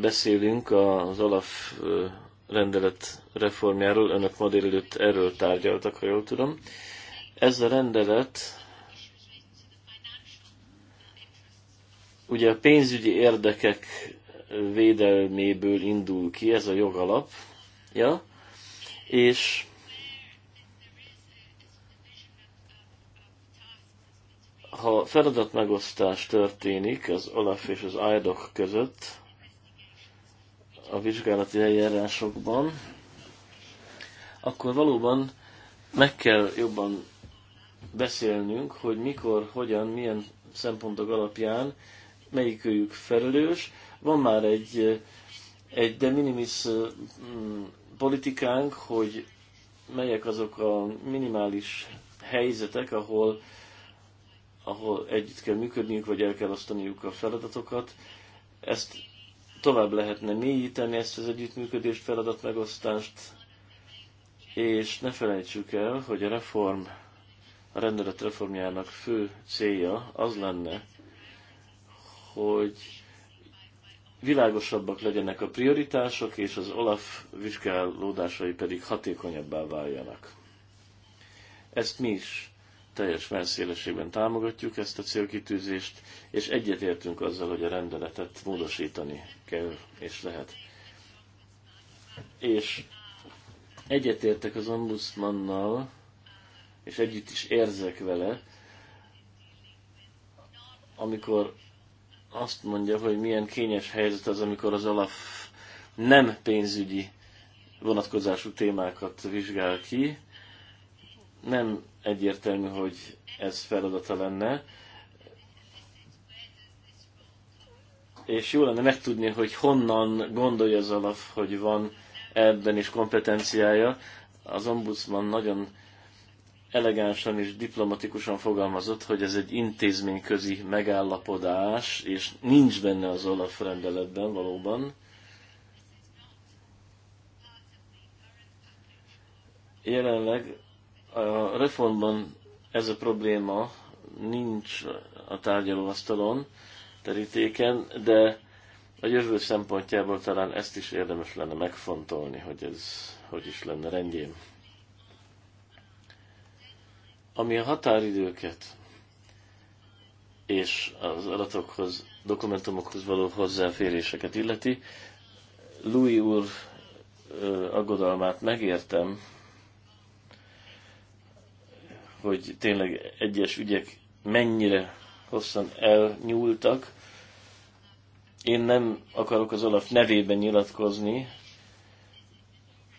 beszélünk az alaf rendelet reformjáról, önök ma délelőtt erről tárgyaltak, ha jól tudom. Ez a rendelet ugye a pénzügyi érdekek védelméből indul ki, ez a jogalap, ja? és ha feladatmegosztás történik az Olaf és az IDOC között, a vizsgálati eljárásokban, akkor valóban meg kell jobban beszélnünk, hogy mikor, hogyan, milyen szempontok alapján melyikőjük felelős. Van már egy, egy de minimis mm, politikánk, hogy melyek azok a minimális helyzetek, ahol, ahol együtt kell működniük, vagy el kell osztaniuk a feladatokat. Ezt tovább lehetne mélyíteni ezt az együttműködést, feladatmegosztást, és ne felejtsük el, hogy a reform, a rendelet reformjának fő célja az lenne, hogy világosabbak legyenek a prioritások, és az OLAF vizsgálódásai pedig hatékonyabbá váljanak. Ezt mi is teljes felszélességben támogatjuk ezt a célkitűzést, és egyetértünk azzal, hogy a rendeletet módosítani kell és lehet. És egyetértek az ombudsmannal, és együtt is érzek vele, amikor azt mondja, hogy milyen kényes helyzet az, amikor az alap nem pénzügyi vonatkozású témákat vizsgál ki, nem egyértelmű, hogy ez feladata lenne, és jó lenne megtudni, hogy honnan gondolja az alap, hogy van ebben is kompetenciája. Az ombudsman nagyon elegánsan és diplomatikusan fogalmazott, hogy ez egy intézményközi megállapodás, és nincs benne az Olaf rendeletben valóban. Jelenleg a reformban ez a probléma nincs a tárgyalóasztalon, terítéken, de a jövő szempontjából talán ezt is érdemes lenne megfontolni, hogy ez hogy is lenne rendjén. Ami a határidőket és az adatokhoz, dokumentumokhoz való hozzáféréseket illeti, Louis úr aggodalmát megértem, hogy tényleg egyes ügyek mennyire hosszan elnyúltak. Én nem akarok az Olaf nevében nyilatkozni.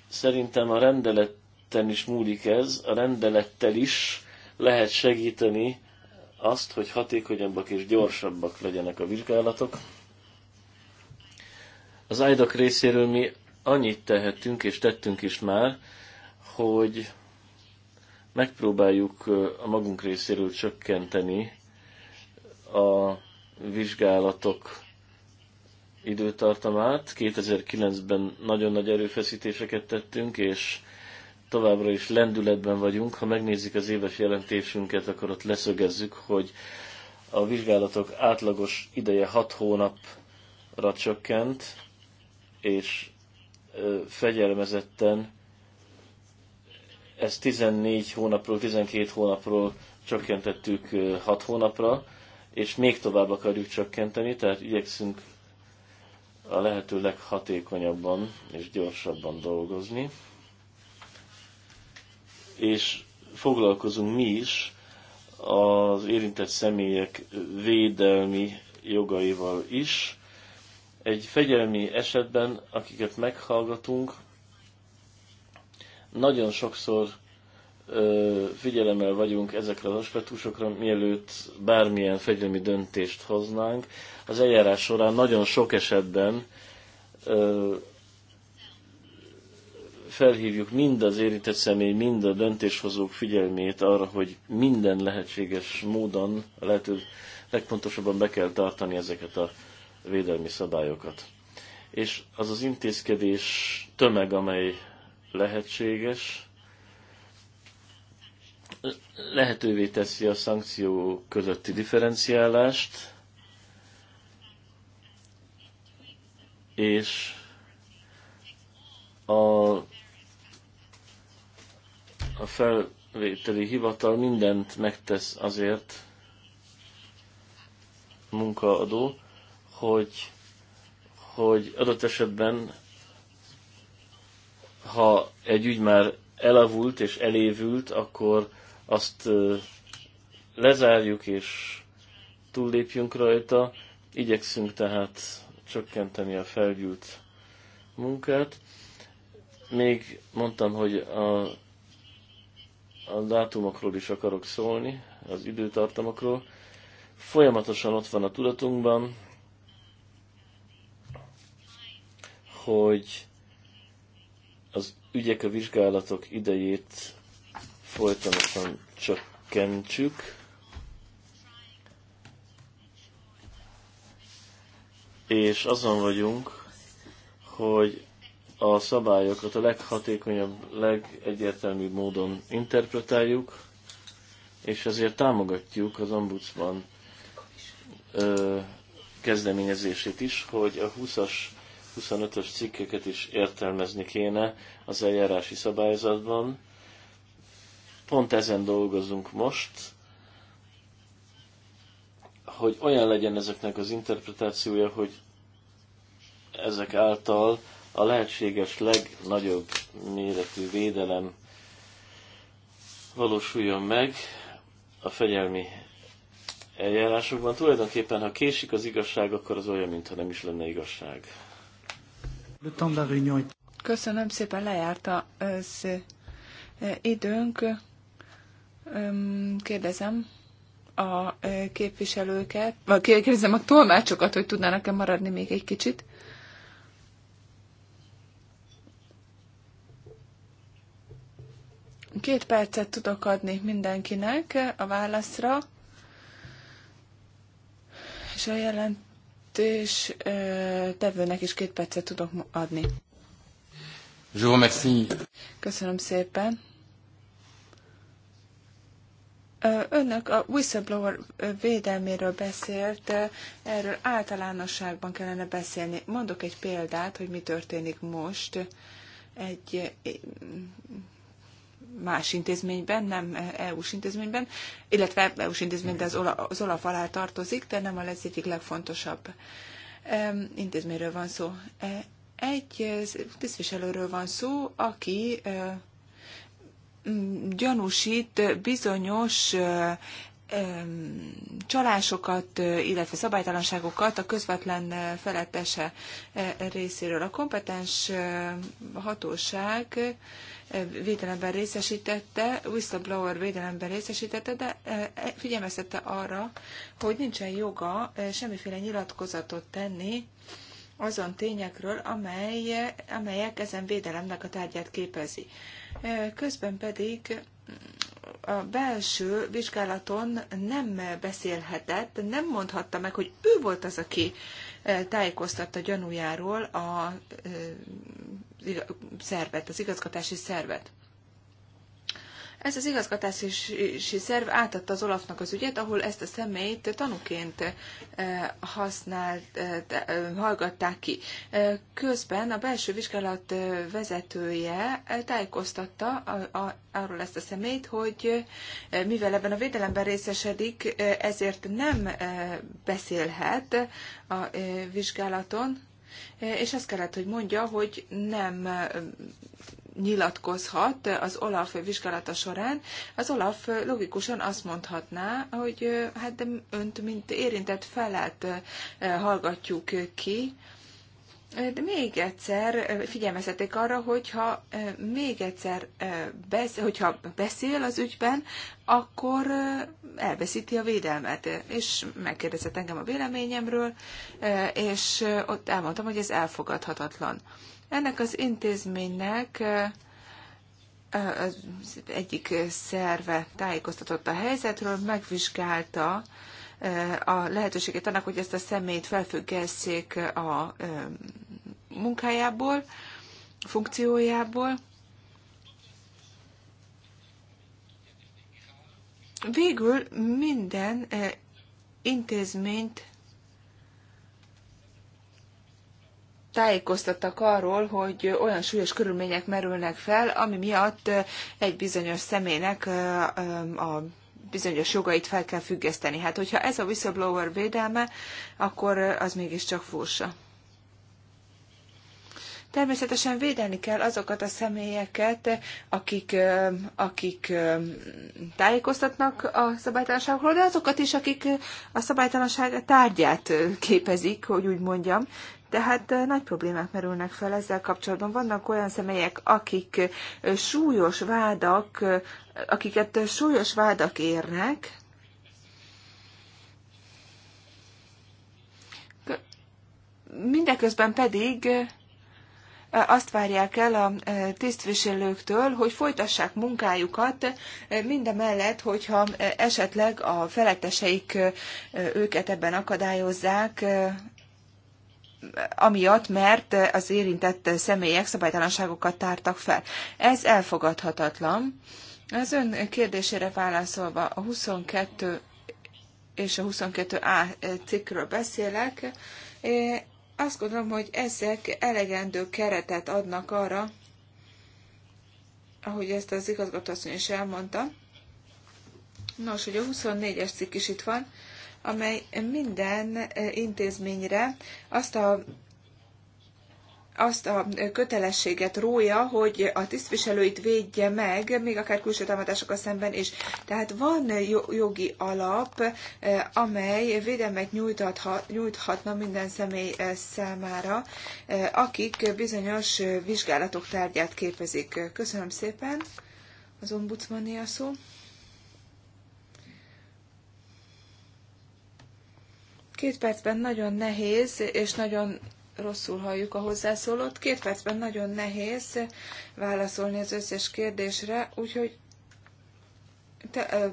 Szerintem a rendeletten is múlik ez, a rendelettel is lehet segíteni azt, hogy hatékonyabbak és gyorsabbak legyenek a vizsgálatok. Az ájdak részéről mi annyit tehetünk és tettünk is már, hogy megpróbáljuk a magunk részéről csökkenteni a vizsgálatok időtartamát. 2009-ben nagyon nagy erőfeszítéseket tettünk, és továbbra is lendületben vagyunk. Ha megnézik az éves jelentésünket, akkor ott leszögezzük, hogy a vizsgálatok átlagos ideje 6 hónapra csökkent, és fegyelmezetten ezt 14 hónapról, 12 hónapról csökkentettük 6 hónapra, és még tovább akarjuk csökkenteni, tehát igyekszünk a lehető leghatékonyabban és gyorsabban dolgozni. És foglalkozunk mi is az érintett személyek védelmi jogaival is. Egy fegyelmi esetben, akiket meghallgatunk, nagyon sokszor ö, figyelemmel vagyunk ezekre az aspektusokra, mielőtt bármilyen fegyelmi döntést hoznánk. Az eljárás során nagyon sok esetben ö, felhívjuk mind az érintett személy, mind a döntéshozók figyelmét arra, hogy minden lehetséges módon, lehető legpontosabban be kell tartani ezeket a védelmi szabályokat. És az az intézkedés tömeg, amely lehetséges, lehetővé teszi a szankció közötti differenciálást, és a, a felvételi hivatal mindent megtesz azért, munkaadó, hogy, hogy adott esetben ha egy ügy már elavult és elévült, akkor azt lezárjuk és túllépjünk rajta. Igyekszünk tehát csökkenteni a felgyűlt munkát. Még mondtam, hogy a, a dátumokról is akarok szólni, az időtartamokról. Folyamatosan ott van a tudatunkban, hogy ügyek, a vizsgálatok idejét folytonosan csökkentsük, és azon vagyunk, hogy a szabályokat a leghatékonyabb, legegyértelműbb módon interpretáljuk, és ezért támogatjuk az ombudsman ö, kezdeményezését is, hogy a 20-as 25-ös cikkeket is értelmezni kéne az eljárási szabályzatban. Pont ezen dolgozunk most, hogy olyan legyen ezeknek az interpretációja, hogy ezek által a lehetséges legnagyobb méretű védelem valósuljon meg a fegyelmi eljárásokban. Tulajdonképpen, ha késik az igazság, akkor az olyan, mintha nem is lenne igazság. Köszönöm szépen, lejárt az időnk. Kérdezem a képviselőket, vagy kérdezem a tolmácsokat, hogy tudnának-e maradni még egy kicsit. Két percet tudok adni mindenkinek a válaszra, és a jelent jelentés tevőnek is két percet tudok adni. Jó, Köszönöm szépen. Önök a whistleblower védelméről beszélt, erről általánosságban kellene beszélni. Mondok egy példát, hogy mi történik most. Egy más intézményben, nem EU-s intézményben, illetve EU-s intézményben az OLAF alá tartozik, de nem lesz egyik legfontosabb intézményről van szó. E, egy tisztviselőről van szó, aki gyanúsít bizonyos csalásokat, illetve szabálytalanságokat a közvetlen felettese részéről. A kompetens hatóság védelemben részesítette, whistleblower védelemben részesítette, de e, e, figyelmeztette arra, hogy nincsen joga e, semmiféle nyilatkozatot tenni azon tényekről, amely, amelyek ezen védelemnek a tárgyát képezi. Közben pedig a belső vizsgálaton nem beszélhetett, nem mondhatta meg, hogy ő volt az, aki tájékoztatta gyanújáról a szervet, az igazgatási szervet. Ez az igazgatási szerv átadta az Olafnak az ügyet, ahol ezt a személyt tanúként eh, használt, eh, eh, hallgatták ki. Közben a belső vizsgálat vezetője tájékoztatta arról ezt a személyt, hogy mivel ebben a védelemben részesedik, ezért nem beszélhet a vizsgálaton, Eh, és azt kellett, hogy mondja, hogy nem eh, nyilatkozhat az Olaf vizsgálata során, az Olaf eh, logikusan azt mondhatná, hogy hát de önt, mint érintett felát hallgatjuk ki, de még egyszer figyelmeztették arra, hogyha még egyszer beszél, hogyha beszél az ügyben, akkor elveszíti a védelmet. És megkérdezett engem a véleményemről, és ott elmondtam, hogy ez elfogadhatatlan. Ennek az intézménynek az egyik szerve tájékoztatott a helyzetről, megvizsgálta, a lehetőséget annak, hogy ezt a szemét felfüggesszék a munkájából, funkciójából. Végül minden eh, intézményt tájékoztattak arról, hogy olyan súlyos körülmények merülnek fel, ami miatt eh, egy bizonyos személynek eh, a bizonyos jogait fel kell függeszteni. Hát, hogyha ez a whistleblower védelme, akkor az mégiscsak fursa. Természetesen védeni kell azokat a személyeket, akik, akik tájékoztatnak a szabálytalanságokról, de azokat is, akik a szabálytalanság tárgyát képezik, hogy úgy mondjam. Tehát nagy problémák merülnek fel ezzel kapcsolatban. Vannak olyan személyek, akik súlyos vádak, akiket súlyos vádak érnek, mindeközben pedig azt várják el a e, tisztviselőktől, hogy folytassák munkájukat, e, mindemellett, hogyha e, esetleg a feletteseik őket ebben akadályozzák, amiatt, mert az érintett személyek szabálytalanságokat tártak fel. Ez elfogadhatatlan. Az ön kérdésére válaszolva a 22 és a 22A cikkről beszélek, azt gondolom, hogy ezek elegendő keretet adnak arra, ahogy ezt az igazgatóasszony is elmondta. Nos, hogy a 24-es cikk is itt van, amely minden eh, intézményre azt a azt a kötelességet rója, hogy a tisztviselőit védje meg, még akár külső támadásokkal szemben is. Tehát van jogi alap, eh, amely védelmet nyújthatna minden személy eh, számára, eh, akik bizonyos vizsgálatok tárgyát képezik. Köszönöm szépen. Az ombudsmani a szó. Két percben nagyon nehéz és nagyon rosszul halljuk a hozzászólót. Két percben nagyon nehéz válaszolni az összes kérdésre, úgyhogy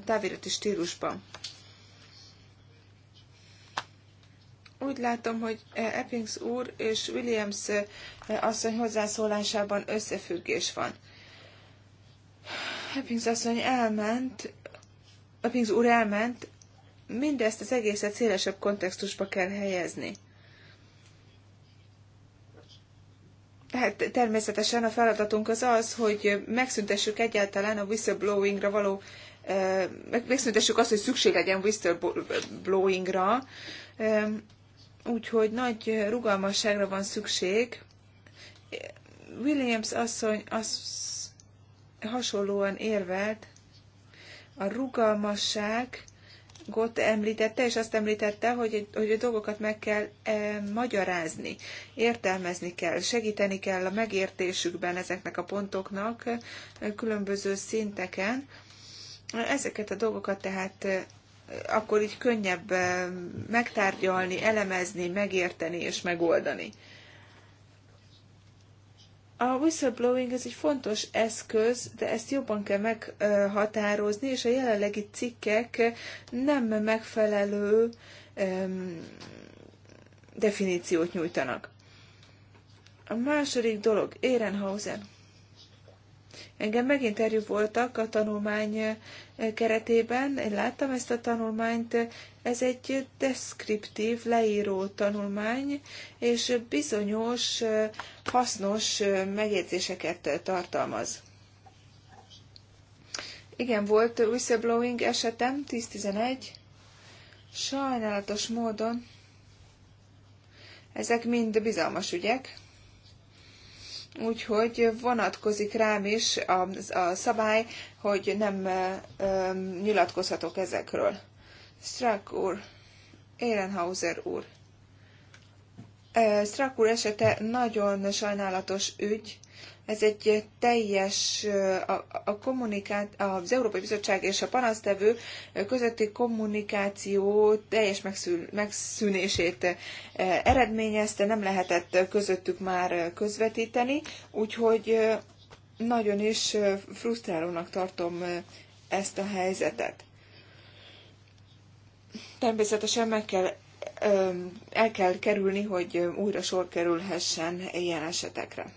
távirati stílusban. Úgy látom, hogy Eppings úr és Williams asszony hozzászólásában összefüggés van. Eppings asszony elment, Eppings úr elment, mindezt az egészet szélesebb kontextusba kell helyezni. Hát természetesen a feladatunk az az, hogy megszüntessük egyáltalán a whistleblowingra való, megszüntessük azt, hogy szükség legyen whistleblowingra, úgyhogy nagy rugalmasságra van szükség. Williams asszony az hasonlóan érvelt, a rugalmasság Gott említette, és azt említette, hogy, hogy a dolgokat meg kell e, magyarázni, értelmezni kell, segíteni kell a megértésükben ezeknek a pontoknak e, különböző szinteken. Ezeket a dolgokat tehát e, akkor így könnyebb e, megtárgyalni, elemezni, megérteni és megoldani. A whistleblowing ez egy fontos eszköz, de ezt jobban kell meghatározni, és a jelenlegi cikkek nem megfelelő um, definíciót nyújtanak. A második dolog, Ehrenhausen Engem megint voltak a tanulmány eh, keretében, én láttam ezt a tanulmányt, ez egy deskriptív, leíró tanulmány, és bizonyos eh, hasznos eh, megjegyzéseket tartalmaz. Igen, volt whistleblowing esetem, 10-11. Sajnálatos módon ezek mind bizalmas ügyek. Úgyhogy vonatkozik rám is a, a szabály, hogy nem ö, nyilatkozhatok ezekről. Strack úr, Ehrenhauser úr. Strack úr esete nagyon sajnálatos ügy, ez egy teljes, a, a kommunikát, az Európai Bizottság és a panasztevő közötti kommunikáció teljes megszűn, megszűnését eredményezte, nem lehetett közöttük már közvetíteni, úgyhogy nagyon is frusztrálónak tartom ezt a helyzetet. Természetesen meg kell, el kell kerülni, hogy újra sor kerülhessen ilyen esetekre.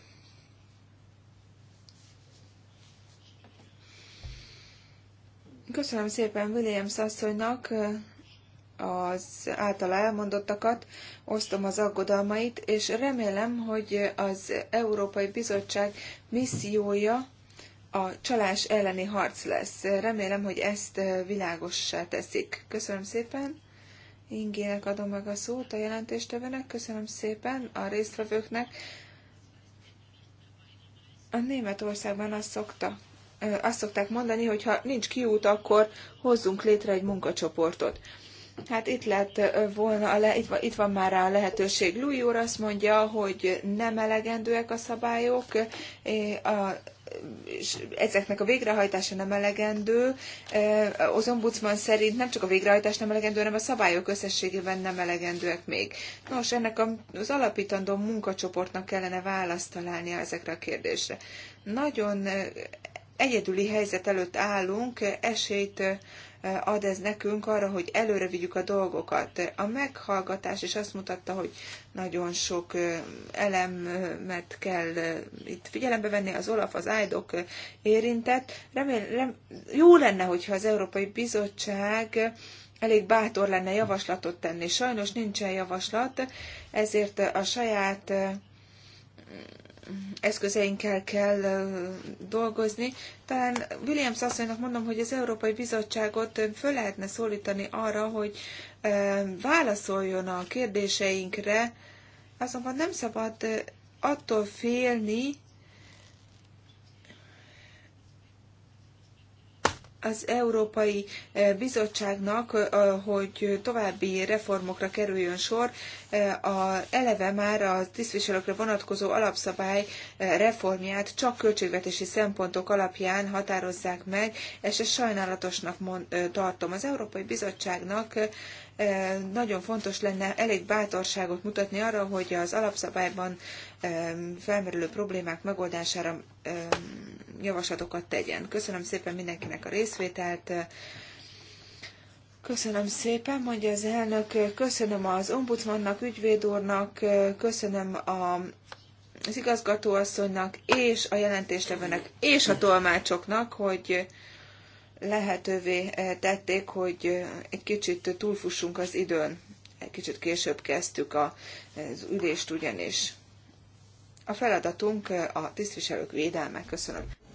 Köszönöm szépen William asszonynak az által elmondottakat, osztom az aggodalmait, és remélem, hogy az Európai Bizottság missziója a csalás elleni harc lesz. Remélem, hogy ezt világossá teszik. Köszönöm szépen. Ingének adom meg a szót a jelentéstevőnek. Köszönöm szépen a résztvevőknek. A Németországban azt szoktak azt szokták mondani, hogy ha nincs kiút, akkor hozzunk létre egy munkacsoportot. Hát itt lett volna, a le, itt, van, itt van már a lehetőség. Louis úr azt mondja, hogy nem elegendőek a szabályok, a, és ezeknek a végrehajtása nem elegendő. Az ombudsman szerint nem csak a végrehajtás nem elegendő, hanem a szabályok összességében nem elegendőek még. Nos, ennek az alapítandó munkacsoportnak kellene választ találnia ezekre a kérdésre. Nagyon egyedüli helyzet előtt állunk, esélyt ad ez nekünk arra, hogy előre vigyük a dolgokat. A meghallgatás is azt mutatta, hogy nagyon sok elemet kell itt figyelembe venni, az Olaf, az ájdok érintett. Remél, rem, jó lenne, hogyha az Európai Bizottság elég bátor lenne javaslatot tenni. Sajnos nincsen javaslat, ezért a saját eszközeinkkel kell dolgozni. Talán Williams asszonynak mondom, hogy az Európai Bizottságot föl lehetne szólítani arra, hogy válaszoljon a kérdéseinkre, azonban nem szabad attól félni, az Európai eh, Bizottságnak, eh, hogy további reformokra kerüljön sor, eh, a eleve már a tisztviselőkre vonatkozó alapszabály reformját csak költségvetési szempontok alapján határozzák meg, és ezt sajnálatosnak tartom. Az Európai Bizottságnak nagyon fontos lenne elég bátorságot mutatni arra, hogy az alapszabályban felmerülő problémák megoldására javaslatokat tegyen. Köszönöm szépen mindenkinek a részvételt. Köszönöm szépen, mondja az elnök. Köszönöm az ombudsmannak, ügyvéd úrnak, köszönöm a az igazgatóasszonynak és a jelentéstevőnek és a tolmácsoknak, hogy lehetővé eh, tették, hogy eh, egy kicsit túlfussunk az időn. Egy kicsit később kezdtük az ülést ugyanis. A feladatunk eh, a tisztviselők védelme. Köszönöm.